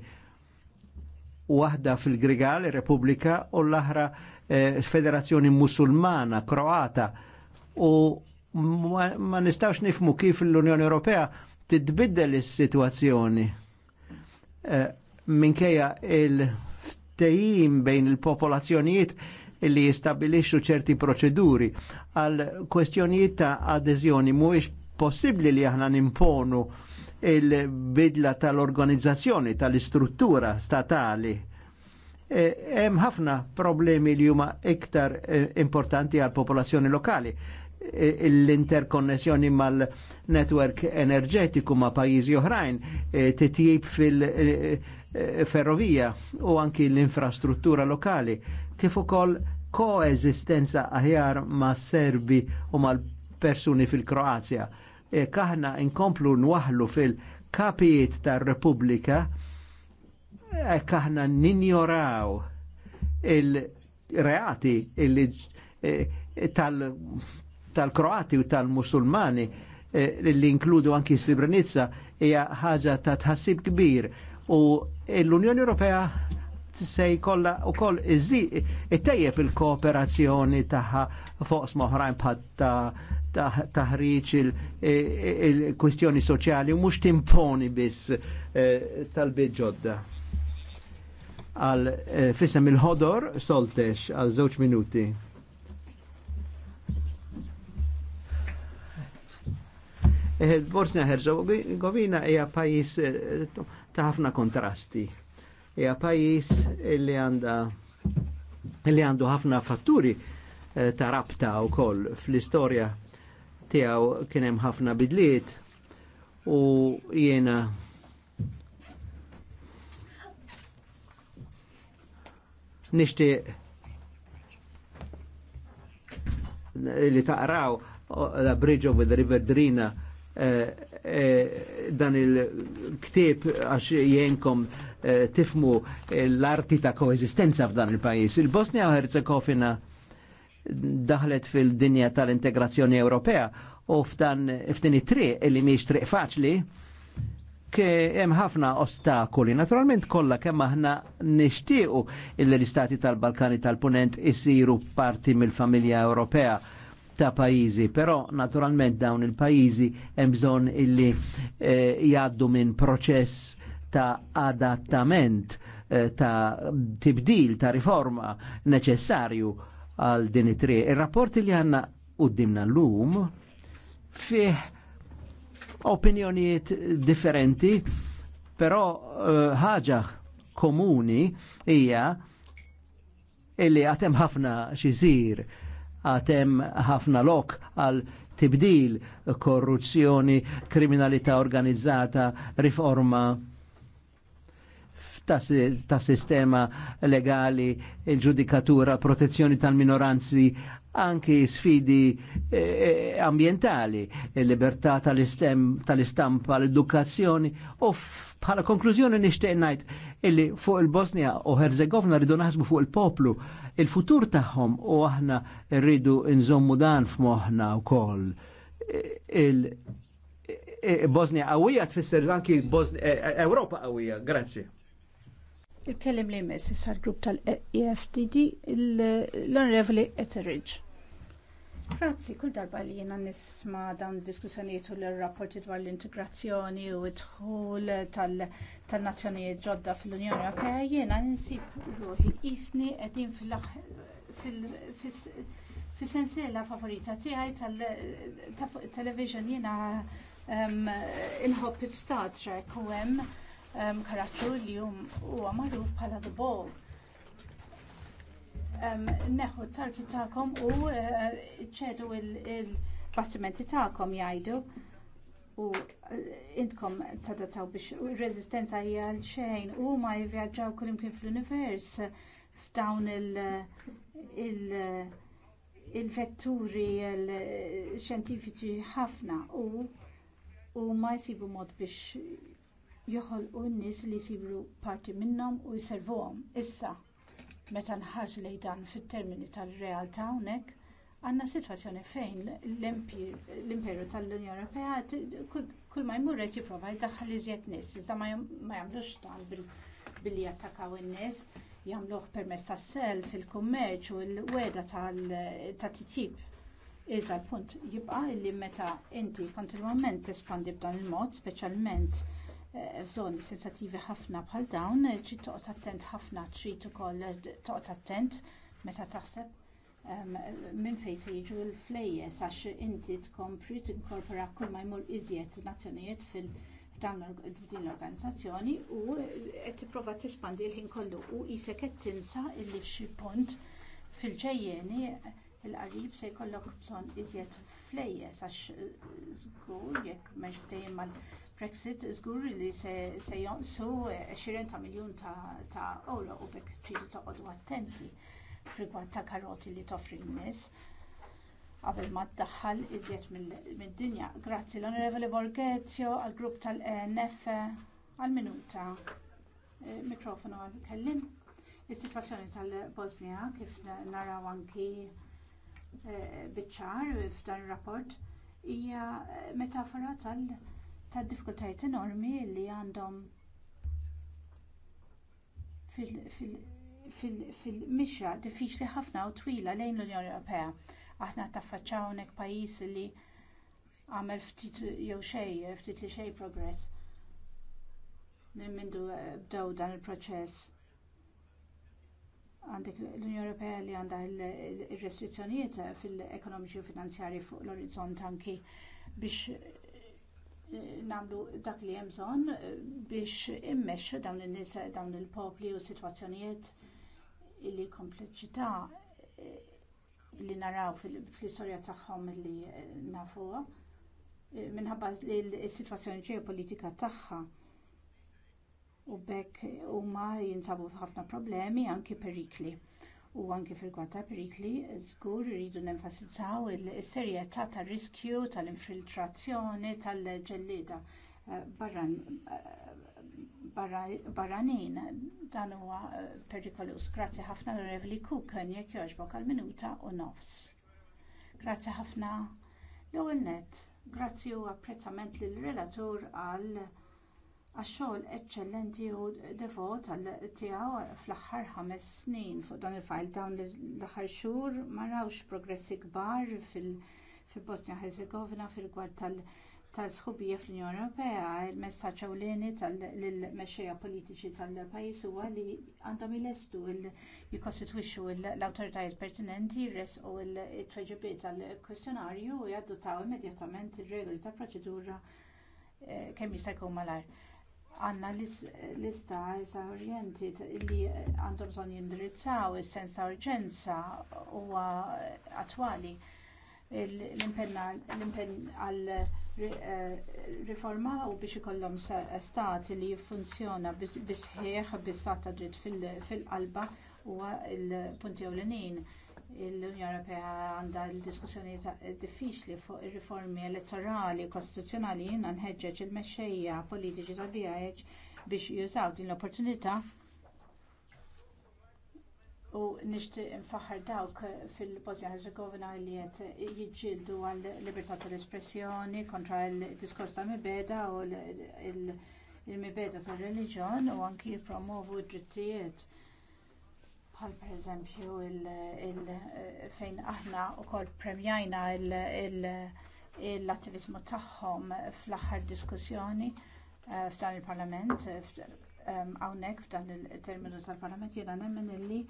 waħda fil-Grigal, Repubblika, u l-aħra eh, Federazzjoni Musulmana, Kroata. U ma, ma nistawx nifmu kif l-Unjoni Ewropea titbiddel is-sitwazzjoni. Eh, Minkejja il- tejjim bejn il-popolazzjonijiet li jistabilixxu ċerti proċeduri għal kwestjonijiet ta' adeżjoni mhuwiex possibbli li aħna nimponu il-bidla tal-organizzazzjoni tal-istruttura statali. E, hemm ħafna problemi li huma iktar e, importanti għal popolazzjoni lokali e, l-interkonnessjoni mal-netwerk enerġetiku ma' pajjiżi oħrajn, titjib fil- Eh, ferrovija u anki l-infrastruttura lokali, kif ukoll koeżistenza aħjar ma' Serbi u mal-persuni fil-Kroazja. E kaħna inkomplu nwaħlu fil-kapijiet tar-Repubblika, e kaħna ninjoraw il-reati il tal-Kroati e, tal u tal-Musulmani e, li inkludu anki Srebrenica hija ħaġa ta' tħassib kbir u l-Unjoni Ewropea kolla se jkollha wkoll iżżid il-kooperazzjoni tagħha fuq smoħrajn bħal ta' taħriġ il-kwistjoni soċjali u mhux timponi biss eh, tal-bit ġodda. Għal eh, fissem il-ħodor soltex għal żewġ minuti. Eh, Bosnia Herzegovina hija pajjiż ta' ħafna kontrasti. Hija pajis illi għandu ħafna fatturi eh, ta' rabta u koll fl istoria tijaw kienem ħafna bidliet u jiena nishti li taqraw The eh, Bridge over the River Drina eh, Eh, dan il-ktib għax jenkom eh, tifmu l-arti ta' koesistenza f'dan il-pajis. Il-Bosnia u Herzegovina daħlet fil-dinja tal-integrazzjoni Ewropea u f'dan f'din it-triq li miex triq faċli hemm ħafna ostakoli. Naturalment kollha kemm aħna nixtiequ l istati tal-Balkani tal-Punent isiru parti mill-familja Ewropea ta' pajizi, però naturalment dawn il-pajizi hemm bżonn illi eh, jgħaddu minn proċess ta' adattament eh, ta' tibdil, ta' riforma neċessarju għal din it-tri. Il-rapport li għanna u dimna l-lum fih opinjonijiet differenti, però eh, ħaġa komuni hija illi għatem ħafna xizir għatem ħafna lok għal tibdil, korruzzjoni, kriminalità organizzata, riforma ta', sistema legali, il-ġudikatura, protezzjoni tal-minoranzi, anki sfidi eh, ambientali, il-libertà tal-istampa, tal l-edukazzjoni, u bħala konklużjoni nishtiq ngħid illi fuq il-Bosnia u Herzegovna ridu naħsbu fuq il-poplu il-futur taħħom u aħna rridu nżommu dan f'moħħna wkoll. Bosnia għawija tfisser anki Europa e- għawija, grazzi. Il-kellim li jmiss issa l-grupp tal-EFTD e l-Onorevoli Etheridge. Grazzi, kull darba li jena nisma dawn diskussjonijiet u l-rapporti dwar l-integrazzjoni u t dħul tal-nazzjonijiet ġodda fil-Unjoni Ewropea, jena ninsib ruħi isni edin fil-sensiela favorita tiegħi tal-television jena inħobb Star Trek u hemm karattru li huwa magħruf bħala The Bold neħu tarki tagħkom u eh, ċedu il-bastimenti tagħkom jgħidu u eh, intkom tadataw biex rezistenza hija l xejn u ma jivvjaġġaw kulimkien fl-univers f'dawn il-vetturi eh, xjentifiċi ħafna u ma jsibu mod biex joħolqu n-nies li jisibu parti minnhom u jservuhom issa Meta nħarġ lejn dan fit-termini tal-realtà hawnhekk, għandna sitwazzjoni fejn l-imperu tal-Unjoni Ewropea kull ma jmur qed jipprova jdaħħal iżjed nies, iżda ma jagħmlux dan billi jattakaw in-nies, jagħmluh permezz tas-sel fil-kummerċ u l-weda tat-titjib. Iżda l-punt jibqa' li meta inti kontinwament tespandi b'dan il-mod, speċjalment f'żoni sensattivi ħafna bħal dawn, trid toqgħod attent ħafna, trid ukoll toqgħod attent meta taħseb minn fejn se jiġu l-flejjes għax inti tkompri tinkorpora kull ma jmur iżjed nazzjonijiet fil- f'din l-organizzazzjoni u qed tipprova tispandi l-ħin kollu u qisek qed tinsa illi f'xi punt fil-ġejjeni il-qarib se jkollok bżonn iżjed flejjes għax eh, żgur jekk m'hemmx ftehim mal- Brexit żgur li se jonsu 20 eh, ta' miljun ta' euro u bekk tridu għadu attenti frigwant ta' karoti li toffri n-nies għabel ma tdaħħal iżjed mid-dinja. Grazzi l-Onorevoli Borghezio għall grupp tal nf għall minuta eh, mikrofonu għal kellim. Is-sitwazzjoni tal-Bosnia kif naraw anki eh, biċ f'dan ir rapport hija metafora tal- tad diffikultajiet enormi li għandhom fil-mixra diffiċli ħafna u twila lejn l-Unjoni Ewropea. Aħna taffaċċjaw hawnhekk pajjiż li għamel ftit jew xejn, ftit li xejn progress. Minn mindu bdew dan il-proċess. Għandek l-Unjoni Ewropea li għandha il-restrizzjonijiet fil-ekonomiċi u finanzjarji fuq l-orizzont anki biex namlu dak li hemm bżonn eh, biex immexxu dawn in-nies dawn il-popli u sitwazzjonijiet li l-kompleċità eh, li naraw fl-istorja tagħhom eh, li nafuha minħabba l-sitwazzjoni ġeopolitika tagħha u bekk huma jinsabu f'ħafna problemi anki perikli u anki fil-kwata perikli, żgur iridu nenfasizzaw il-serjetà tar-riskju tal-infiltrazzjoni tal-ġellida eh, eh, barranin dan huwa eh, perikolus. Grazzi ħafna l-Revli Kuken jekk jogħġbok għal-minuta u nofs. Grazzi ħafna l-ewwel nett, grazzi u apprezzament lill-relatur għal għax-xogħol eċċellenti u devot tiegħu fl-aħħar ħames snin fuq dan il-fajl dawn l-aħħar xhur ma rawx progressi kbar fil-Bosnia Herzegovina fil-gwar tal-sħubija fl-Unjoni Ewropea. Il-messaġġ ewlieni tal-mexxejja politiċi tal-pajjiż huwa li għandhom ilestu jikkostitwixxu l-awtoritajiet pertinenti jresqu l-tweġibiet tal-kwestjonarju u jadottaw immedjatament ir-regoli tal-proċedura eh, kemm jista' jkun malajr għanna lista sa orienti li għandhom bżonn jindirizzaw is-sens ta' urġenza huwa attwali l-impenn għal eh, riforma u biex ikollhom stat li jiffunzjona bisħieħ bis stat ta' dritt fil-qalba huwa l punti ewlenin l-Unjoni Ewropea għandha l-diskussjoni diffiċli fuq ir-riformi elettorali kostituzzjonali jiena nħeġġeġ il-mexxejja politiċi tal BIH biex jużaw din l-opportunità u nixtieq nfaħħar dawk fil-Bosnia Herzegovina li qed jiġġieldu għal libertà tal-espressjoni kontra l-diskors ta' mibeda u l-mibeda tal-reliġjon u anki jippromovu d-drittijiet bħal per eżempju fejn aħna u kol premjajna l-attivizmu tagħhom fl-aħħar diskussjoni eh, f'dan il-parlament, eh, hawnhekk f'dan il-terminu tal-parlament jiena nemmen illi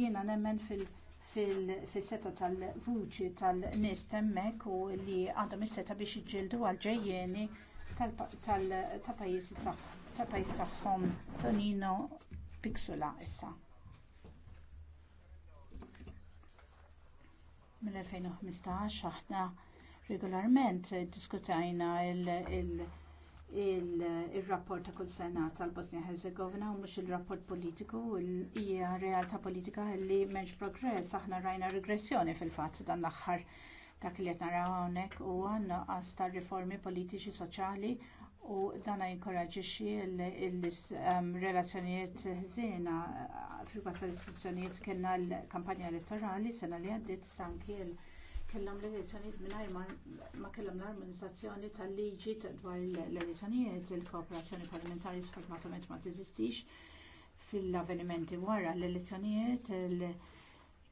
jiena nemmen fil-seta tal-vuċi tal nis temmek u li għandhom is-seta biex iġildu għal-ġejjeni tal-pajjiż tagħhom. Tonino Piksula issa. Mill-2015 aħna regolarment diskutajna il-rapport ta' kull sena tal-Bosnia Herzegovina u mhux il-rapport politiku hija realtà politika li m'hemmx progress aħna rajna regressjoni fil-fatt dan l-aħħar dak li qed naraw hawnhekk huwa nuqqas ta' riformi politiċi soċjali u dana jinkoraġixxi l-relazzjonijiet zina eh, fil-qatt tal-istituzzjonijiet kena l-kampanja elettorali sena li għaddiet sanki kellhom l-elezzjonijiet minnaj ma kellhom l-armonizzazzjoni tal-liġi dwar l-elezzjonijiet il-kooperazzjoni parlamentari sfortunatament ma tiżistix fil-avvenimenti wara l-elezzjonijiet l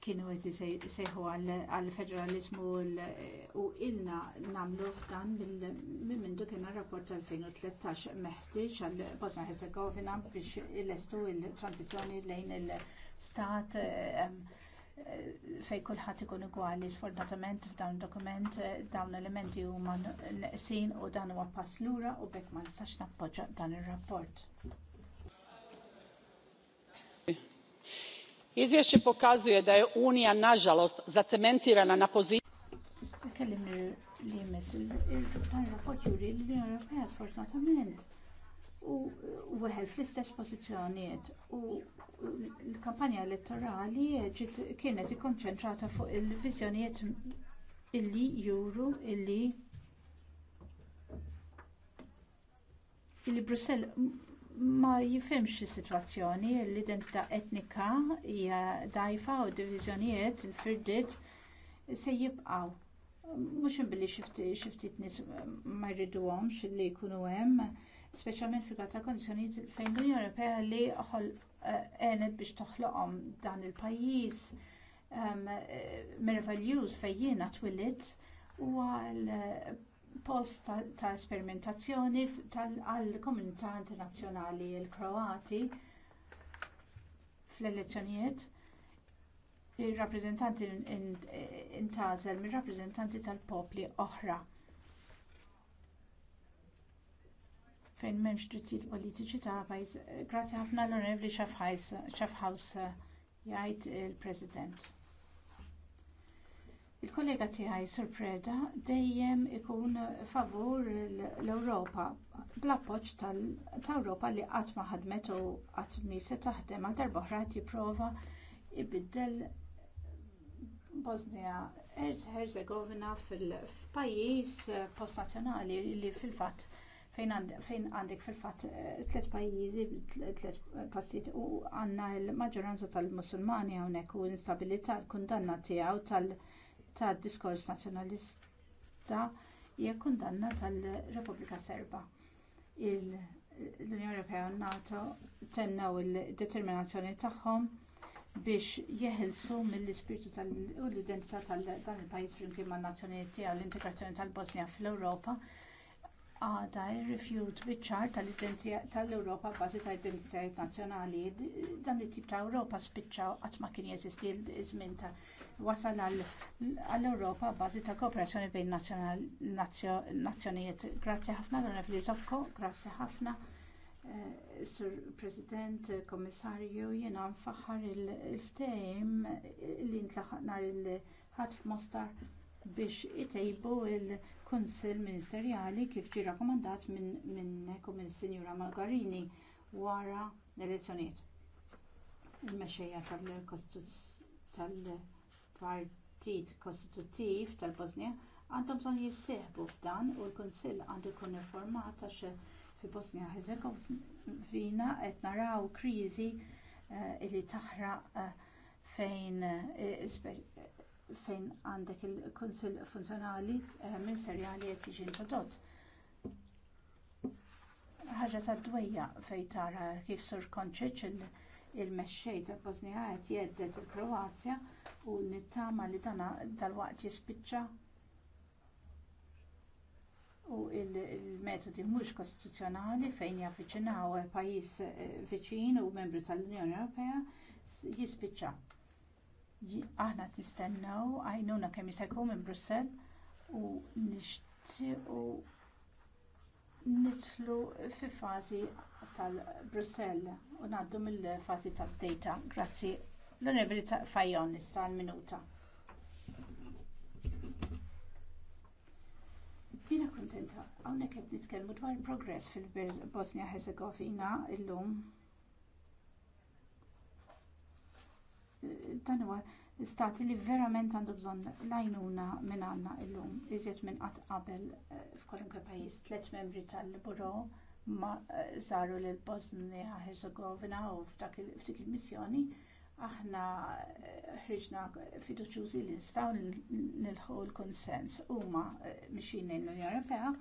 kienu għet sejħu għal-federalizmu u ilna namlu dan minn minn kien rapport tal-2013 meħtieġ għal-Bosna Herzegovina biex il-estu il-transizjoni lejn il-stat fej kullħat ikun ugwali sfortunatament f'dawn dokument dawn elementi huma neqsin u dan huwa pass lura u bekk ma nistax nappoġġa dan ir-rapport. izvješće pokazuje da je unija nažalost zacementirana na poziciji u weħel fl-istess pożizzjonijiet u l-kampanja elettorali kienet ikkonċentrata fuq il-viżjonijiet illi juru illi illi Brussell ma jifhimx is-sitwazzjoni l-identità etnika hija dajfa u d diviżjonijiet il-firdiet se jibqgħu. Mhux inbilli xi ftit nies ma jridduhomx li jkunu hemm, speċjalment fil ta' kondizzjonijiet fejn l-Unjoni Ewropea li eh, għenet biex toħloqhom dan il-pajjiż ehm, eh, mervaljuż meravigliuż fejn jiena twilit post ta', esperimentazzjoni għall-komunità internazzjonali il-Kroati fl-elezzjonijiet ir-rappreżentanti ntgħażel mir-rappreżentanti tal-popli oħra. fejn m'hemmx drittijiet politiċi ta' pajjiż. ħafna l-Onorevli Schaffhaus jgħid il-President. Il-kollega tiegħi Sir Preda dejjem ikun favur l-Ewropa bl-appoġġ tal-Ewropa li qatt ma ħadmet u qatt mi se taħdem għal darba oħra jipprova jbiddel Bosnia Herzegovina fil postnazzjonali li fil-fatt fejn għandek fil-fatt eh, tliet pajjiżi, tliet pastit u għandna l-maġġoranza tal-Musulmani hawnhekk u instabilità l-kundanna tiegħu tal-, -tal ta' diskors nazzjonalista hija kundanna tal-Repubblika Serba. L-Unjoni Ewropea u NATO tennew il-determinazzjoni tagħhom biex jeħilsu mill-ispirtu u l-identità tal-dan il-pajis flimkien man nazzjonijiet tiegħu l-integrazzjoni tal-Bosnja fl-Ewropa għada rifjut biċċar tal-Europa bażi ta' identitajiet nazzjonali. Dan it-tip ta' Ewropa spiċċaw qatt ma kien jeżisti l-żmien ta' wasal għall-Ewropa bażi ta' kooperazzjoni bejn nazzjonijiet. Grazzi ħafna l-Onorevoli Sofko, grazzi ħafna. Eh, Sur President, Komissarju, jena nfaħħar il-ftehim li ntlaħaq nar il ħadd f'Mostar biex itejbu il-Kunsill Ministerjali kif ġie rakkomandat minnek u minn Sinjura Malgarini wara l-elezzjonijiet. Il-mexxejja tal-Partit Kostituttiv tal-Bosnja għandhom bżonn jissieħbu f'dan u l-Kunsill għandu jkun informat għax fi Bosnja Herzegovina qed naraw kriżi eh, li taħraq eh, fejn eh, fejn għandek il-Kunsill Funzjonali eh, Ministerjali qed jiġi introdott. Ħaġa ta' dwejja fejn tara kif Sur konċeċ il-mexxej ta' Bosnija qed jeddet il-Kroazja u nittama li dana dal-waqt jispiċċa u il-metodi mhux kostituzzjonali fejn jaffiċinaw pajjiż eh, viċin u membru tal-Unjoni Ewropea jispiċċa aħna tistennaw għajnuna kemm jisegħu minn Brussell u nixtiequ nitlu fi fazi tal-Brussell u ngħaddu mill-fażi tad-data. Grazzi. L-Onorevoli Fajon issa l-minuta. Jina kontenta, għawnek qed nitkellmu dwar progress fil-Bosnia Herzegovina illum dan huwa stati li verament għandu bżonn lajnuna minn għandna illum iżjed minn qatt qabel eh, f'kolunkwe pajjiż tliet membri tal-buro ma saru eh, lil Bosnia Herzegovina u f'dik il-missjoni aħna eh, ħriġna fiduċjużi li nistgħu nilħu l-konsens huma mixin l-Unjoni Ewropea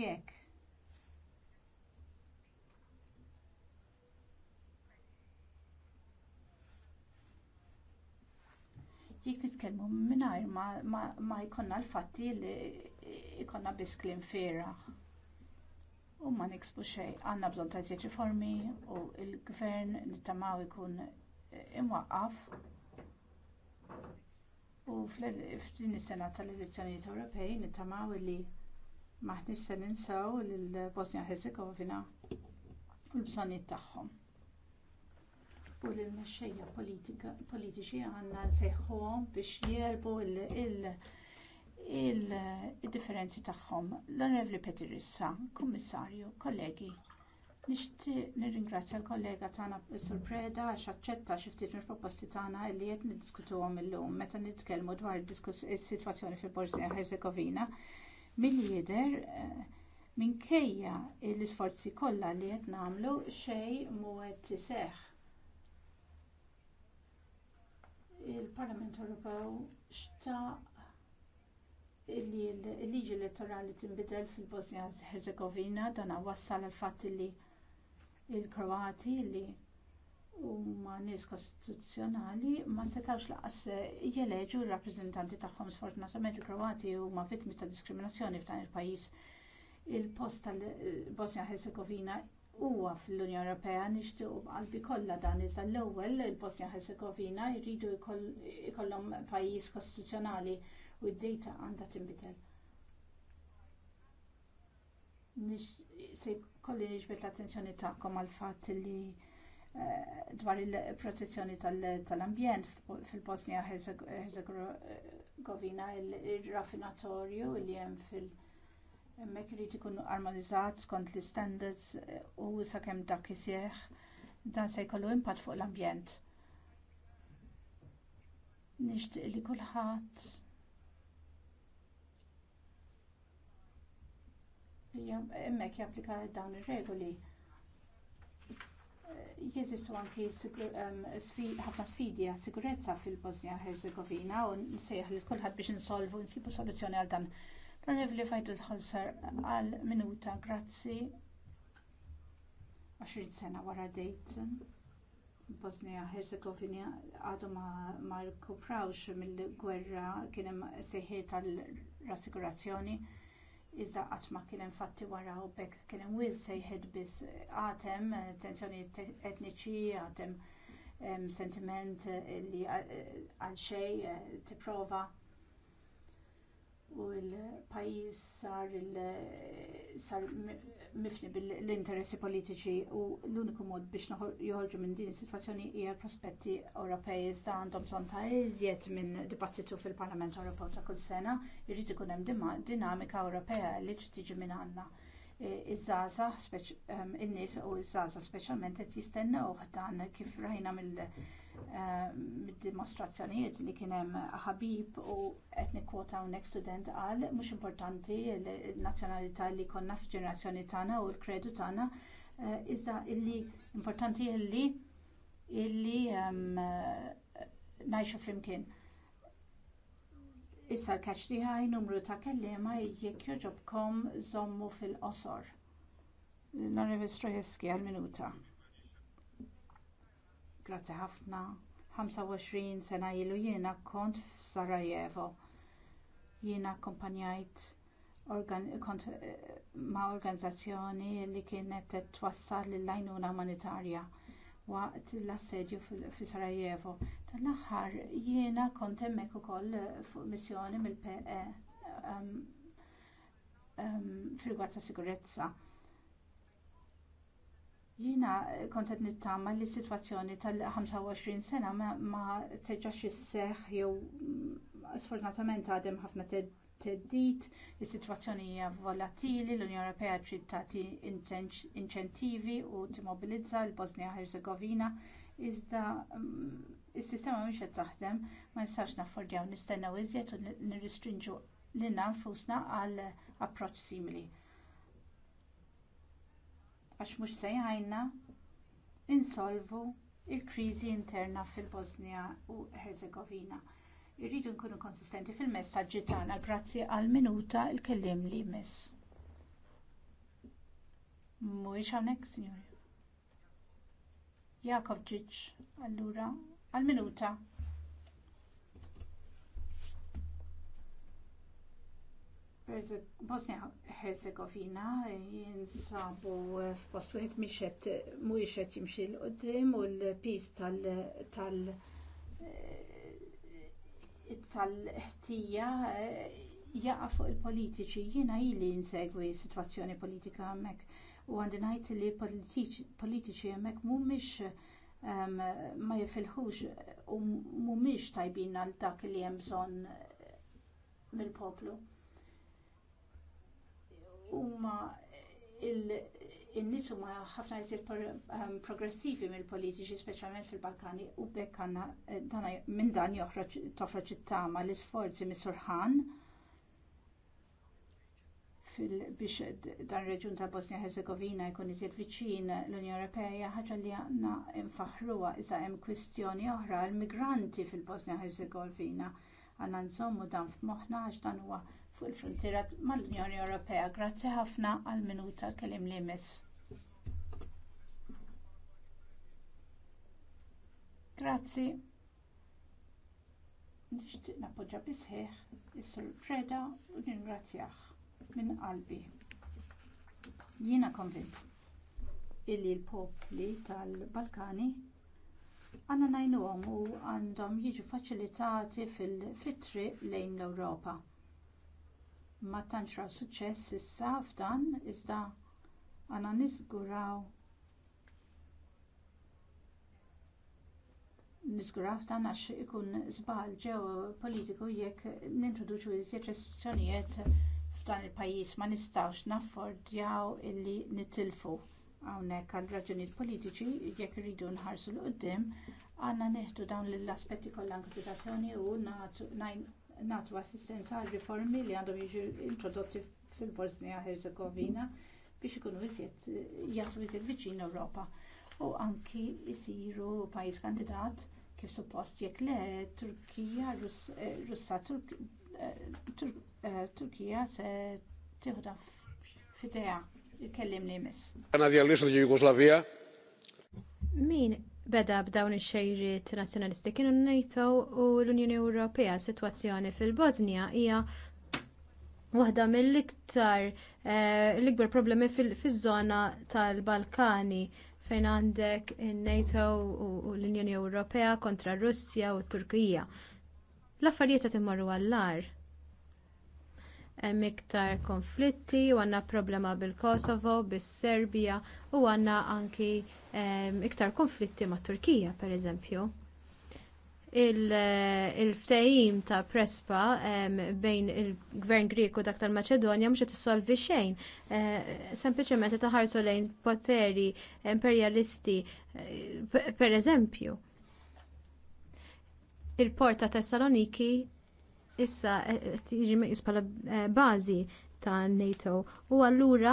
jekk jek titkellmu minnajr ma, ma, ma jkonna l-fatti li jkonna biss kliem fieraħ. U ma nixbu xej, għanna bżon ta' zjet riformi u l gvern nittamaw ikun imwaqqaf. U f'din is-sena tal-elezzjonijiet Ewropej nittamaw li maħniġ se ninsaw lill bosnia Herzegovina u l bżonnijiet tagħhom u l mexxejja politiċi għandna nseħħuhom biex jerbu il-differenzi tagħhom. l Peter Petirissa, Kummissarju, kollegi, nixtieq nirringrazzja l-kollega tagħna Sur Preda għax aċċetta xi ftit mill-proposti tagħna li qed niddiskutuhom illum meta nitkellmu dwar is-sitwazzjoni fil-Bosnia Herzegovina. mill jidher eh, minkejja l-isforzi kollha li qed nagħmlu xejn mhu qed iseħħ il-Parlament Ewropew xta' li l-liġi elettorali tinbidel fil-Bosnia Herzegovina dan wassal il fatt li l kroati li huma nies kostituzzjonali ma setgħux laqas jeleġu r-rappreżentanti tagħhom sfortunatament il-Kroati huma vittmi ta' diskriminazzjoni f'dan il-pajjiż il-post tal-Bosnia Herzegovina huwa fl-Unjoni Ewropea nixtiequ b'qalbi kollha dan iżda l-ewwel il-Bosnia Herzegovina jridu jkollhom pajjiż kostituzzjonali u d-dejta għandha tinbidel. Se kolli niġbed l-attenzjoni tagħkom għal fatt li eh, dwar il-protezzjoni tal-ambjent fil-Bosnia Herzegovina il-raffinatorju li hemm fil-, -fil Hemmhekk irid ikun armonizzat skont l istandards eh, u sakemm dak isjeħ dan se jkollu impatt fuq l-ambjent. Nixtieq li kulħadd hemmhekk japplika dawn ir-regoli eh, jeżistu anki ehm, ħafna sfidi għas sigurezza fil-Bosnia Herzegovina u nsejħ li kulħadd biex insolvu nsibu soluzzjoni għal dan L-Onorevoli Fajdu sar għal minuta, grazzi. 20 sena wara dejt. Bosnia Herzegovina għadu ma rkuprawx mill-gwerra kien hemm seħiet tal-rassigurazzjoni iżda qatt ma kien hemm fatti wara u bekk kien hemm wies sejħed biss għatem tensjonijiet etniċi għatem sentiment eh, li eh, għal xejn eh, tipprova u l-pajis sar sar mifni bil-interessi politiċi u l-uniku mod biex joħorġu minn din is-sitwazzjoni hija prospetti Ewropej iżda għandhom bżonn ta' iżjed minn dibattitu fil-Parlament Ewropew ta' kull sena, jrid ikun hemm dinamika Ewropea li tiġi minn għandna e, iż-żaza, in-nies u iż-żaza speċjalment qed jistennew dan kif rajna mill- mid dimostrazzjonijiet li kien hemm ħabib u qed nikkwota hawnhekk student qal mhux importanti l-nazzjonalità li konna fil-ġenerazzjoni tagħna u l-kredu tagħna eh, iżda illi importanti illi illi ehm, ngħixu flimkien. Issa l-kaċ tiħaj numru ta' kelliema jekk joġobkom żommu fil-qosor. l minuta Grazzi ħafna. 25 sena ilu jiena kont f'Sarajevo. Jiena akkompanjajt organ, kont eh, ma' organizzazzjoni li kienet twassal lill-għajnuna umanitarja waqt l-assedju fi Sarajevo. tal aħħar jiena kont hemmhekk ukoll fuq missjoni mill-PE um, um, fil-gwata sigurezza Jina kontet nittama li situazzjoni tal-25 sena ma, ma teġax seħ jew mm, sfortunatament għadem ħafna teddit, il-situazzjoni hija volatili, l-Unjoni Ewropea trid tagħti inċentivi u timmobilizza l-Bosnia Herzegovina iżda mm, is-sistema mhix qed taħdem, ma nistax naffordjaw nistennew iżjed u nirristrinġu lilna nfusna għal approċċ simili għax mhux se jgħinna insolvu il-kriżi interna fil-Bosnia u Herzegovina. Irridu nkunu konsistenti fil-messaġġi tagħna grazzi għal minuta l kelliem li jmiss. Mhuwiex hawnhekk, Sinjuri. Jakov Ġiġ, allura għal minuta. Bosnia Herzegovina jinsabu f'post wieħed mhuwiex qed jimxi l u l-pis tal- eh, tal-ħtija eh, jaqa' fuq il-politiċi jiena ili s sitwazzjoni politika hemmhekk u għandi ngħid li politiċi hemmhekk mhumiex ma jifilħux u mhumiex tajbin għal dak li hemm bżonn mill-poplu huma il-nies huma ħafna jsir ehm, progressivi mill-politiċi speċjalment fil-Balkani u bekk għandna eh, minn dan joħroġ toħroġ it-tama l-isforzi mis-surħan biex dan reġun ta' Bosnia Herzegovina jkun iżjed viċin l-Unjoni Ewropea ħaġa li għandna nfaħruha iżda hemm kwistjoni oħra l-migranti fil-Bosnia Herzegovina għandna nżommu dan f'moħħna għax dan huwa fuq il-frontiera mal-Unjoni Ewropea. Grazzi ħafna għal minuta kelim li miss. Grazzi. Nixtieq nappoġġa bisħieħ is-Sur Preda u ningrazzjah minn qalbi. Jiena konvint illi l-popli tal-Balkani għandna ngħinuhom u għandhom jiġu faċilitati fil-fitri lejn l-Ewropa ma tantx raw suċċess issa f'dan iżda għandna niżguraw nizguraw f'dan għax ikun żball ġew politiku jekk nintroduċu iżjed restrizzjonijiet f'dan il-pajjiż ma nistgħux naffordjaw illi nitilfu hawnhekk għal raġunijiet politiċi jekk iridu nħarsu l qudiem għandna neħdu dawn l-aspetti kollha konsiderazzjoni u nagħtu natu assistenza għal riformi li għandhom jiġu introdotti fil-Bosnia Herzegovina biex ikunu iżjed jaslu iżjed viċin Ewropa u anki jisiru pajis kandidat kif suppost jek le Turkija, eh, Russa, eh, eh, Turkija se tieħda fidea il-kellim li jmiss. Għana dialisa di Jugoslavija? Min beda b'dawn ix-xejriet nazzjonalisti kienu NATO u l-Unjoni Ewropea sitwazzjoni fil-Bosnja hija waħda mill-iktar eh, l-ikbar problemi fiż-żona tal-Balkani fejn għandek in-NATO u l-Unjoni Ewropea kontra r Russja u t Turkija. L-affarijiet qed imorru għall-ar hemm iktar konflitti u għandna problema bil-Kosovo, bis-Serbija u għandna anki ehm, iktar konflitti mat Turkija pereżempju. Il-ftehim ta' Prespa ehm, bejn il-Gvern Grieg u dak tal-Maċedonja mhux qed issolvi xejn. Eh, sempliċement qed taħarsu lejn poteri imperjalisti eh, pereżempju. Il-port ta' issa tiġi eh, meqjus bħala eh, bażi ta' NATO u allura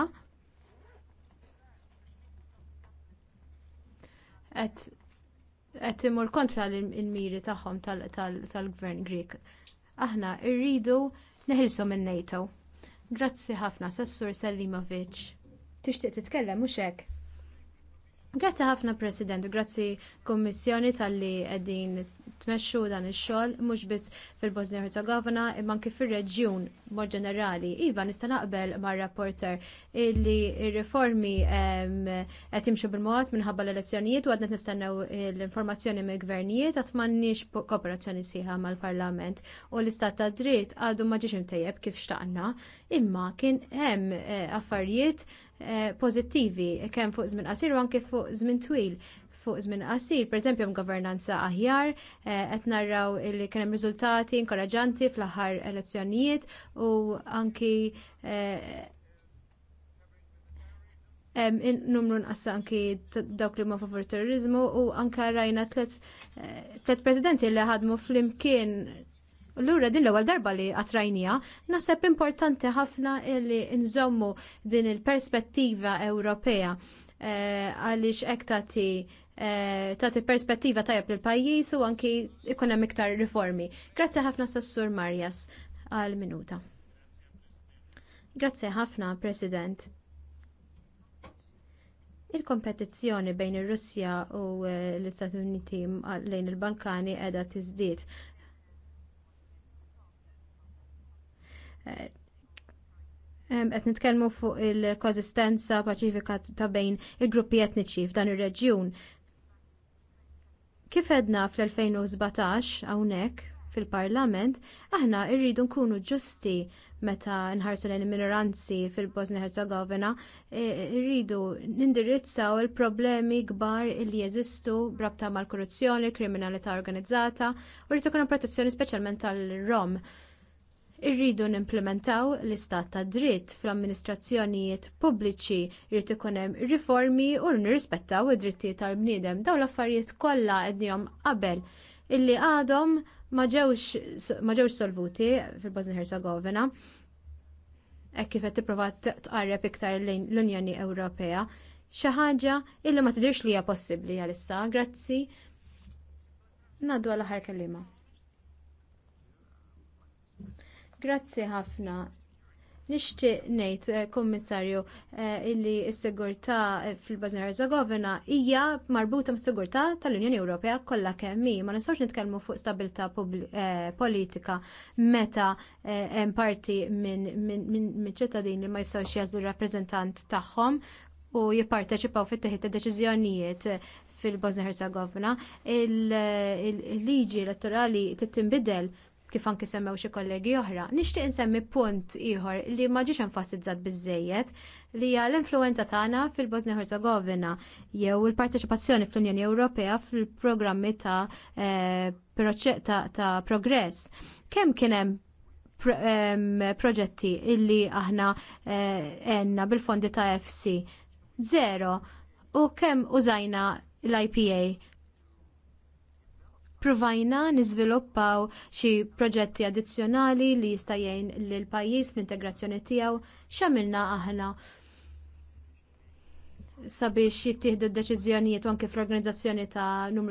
qed imur kontra l-miri tagħhom tal-gvern Grieg. Aħna rridu neħilsu minn NATO. Grazzi ħafna, Sassur Selimovic. Tixtieq titkellem mhux hekk? Grazzi ħafna President, grazzi Kommissjoni tal-li qegħdin tmexxu dan ix-xogħol mhux biss fil-Bosnia Herzegovina imma anke fir-reġjun mod ġenerali. Iva nista' naqbel mar-rapporter illi r-riformi qed jimxu bil-mod minħabba l-elezzjonijiet u għadna nistennew l-informazzjoni mill gvernijiet għad m'għandniex kooperazzjoni sieħa mal-Parlament u l-istat ta' dritt għadu ma ġiex imtejjeb kif xtaqna, imma kien hemm eh, affarijiet eh, pożittivi kemm fuq żmien qasir u anke fuq żmien twil fuq żmien qasir, pereżempju governanza aħjar, eh, qed narraw li kien hemm riżultati inkoraġanti fl-aħħar elezzjonijiet u anki eh, numru nqassa anki dawk li ma favur terrorizmu u anka rajna tlet eh, presidenti li ħadmu fl-imkien Lura din l-ewwel darba li qatrajnija, naħseb importanti ħafna li nżommu din il-perspettiva Ewropea għaliex hekk tagħti Eh, tagħti perspettiva tajjeb lil pajjiż u anki ikun hemm iktar riformi. Grazzi ħafna Sassur Marjas għal minuta. Grazzi ħafna, President. Il-kompetizzjoni bejn ir-Russja u eh, l-Istati Uniti lejn il-Balkani qiegħda tiżdied. Eh, qed nitkellmu fuq il kozistenza paċifika ta' bejn il-gruppi etniċi f'dan ir-reġjun Kif edna fl-2017 hawnhekk fil-Parlament, aħna rridu nkunu ġusti meta nħarsu lejn minoranzi fil-Bosnia Herzegovina, e, rridu nindirizzaw il-problemi kbar li jeżistu brabta mal-korruzzjoni, kriminalità organizzata, u rridu kuna protezzjoni speċjalment tal-Rom. Irridu nimplementaw l-istat ta' dritt fl-amministrazzjonijiet pubbliċi, jrid ikun hemm riformi u nirrispettaw id-drittijiet tal-bniedem. Dawn l-affarijiet kollha qednihom qabel illi għadhom ma ġewx solvuti fil-Bosnia Herzegovina hekk kif qed tipprova tqarreb iktar lejn l-Unjoni Ewropea xi ħaġa illi ma tidirx li hija possibbli għalissa. Grazzi. Naddu għal aħħar kelliema. Grazzi ħafna. Nixtieq ngħid, eh, Kummissarju, eh, illi s-sigurtà eh, fil bosnia Herzegovina hija marbuta mis sigurtà tal-Unjoni Ewropea kollha kemm hi. Ma nistgħux nitkellmu fuq stabilità politika meta hemm parti minn ċittadin li ma jistgħux jażlu rappreżentant tagħhom u jipparteċipaw fit-teħid ta' deċiżjonijiet fil-Bosnia Herzegovina, il-liġi elettorali tittinbidel kif anki semmew xi kollegi oħra. Nixtieq insemmi punt ieħor li ma ġiex enfasizzat biżejjed li hija l-influenza tagħna fil-Bosnia Herzegovina jew il-parteċipazzjoni fl-Unjoni Ewropea fil-programmi ta' eh, ta' progress. Kemm kien hemm proġetti illi aħna eh, għenna bil-fondi ta' FC? Zero. U kemm użajna l-IPA provajna niżviluppaw xi proġetti addizzjonali li jista' jgħin lil pajjiż fl-integrazzjoni tiegħu x'għamilna aħna sabiex jittieħdu d-deċiżjonijiet anke fl-organizzazzjoni ta' numru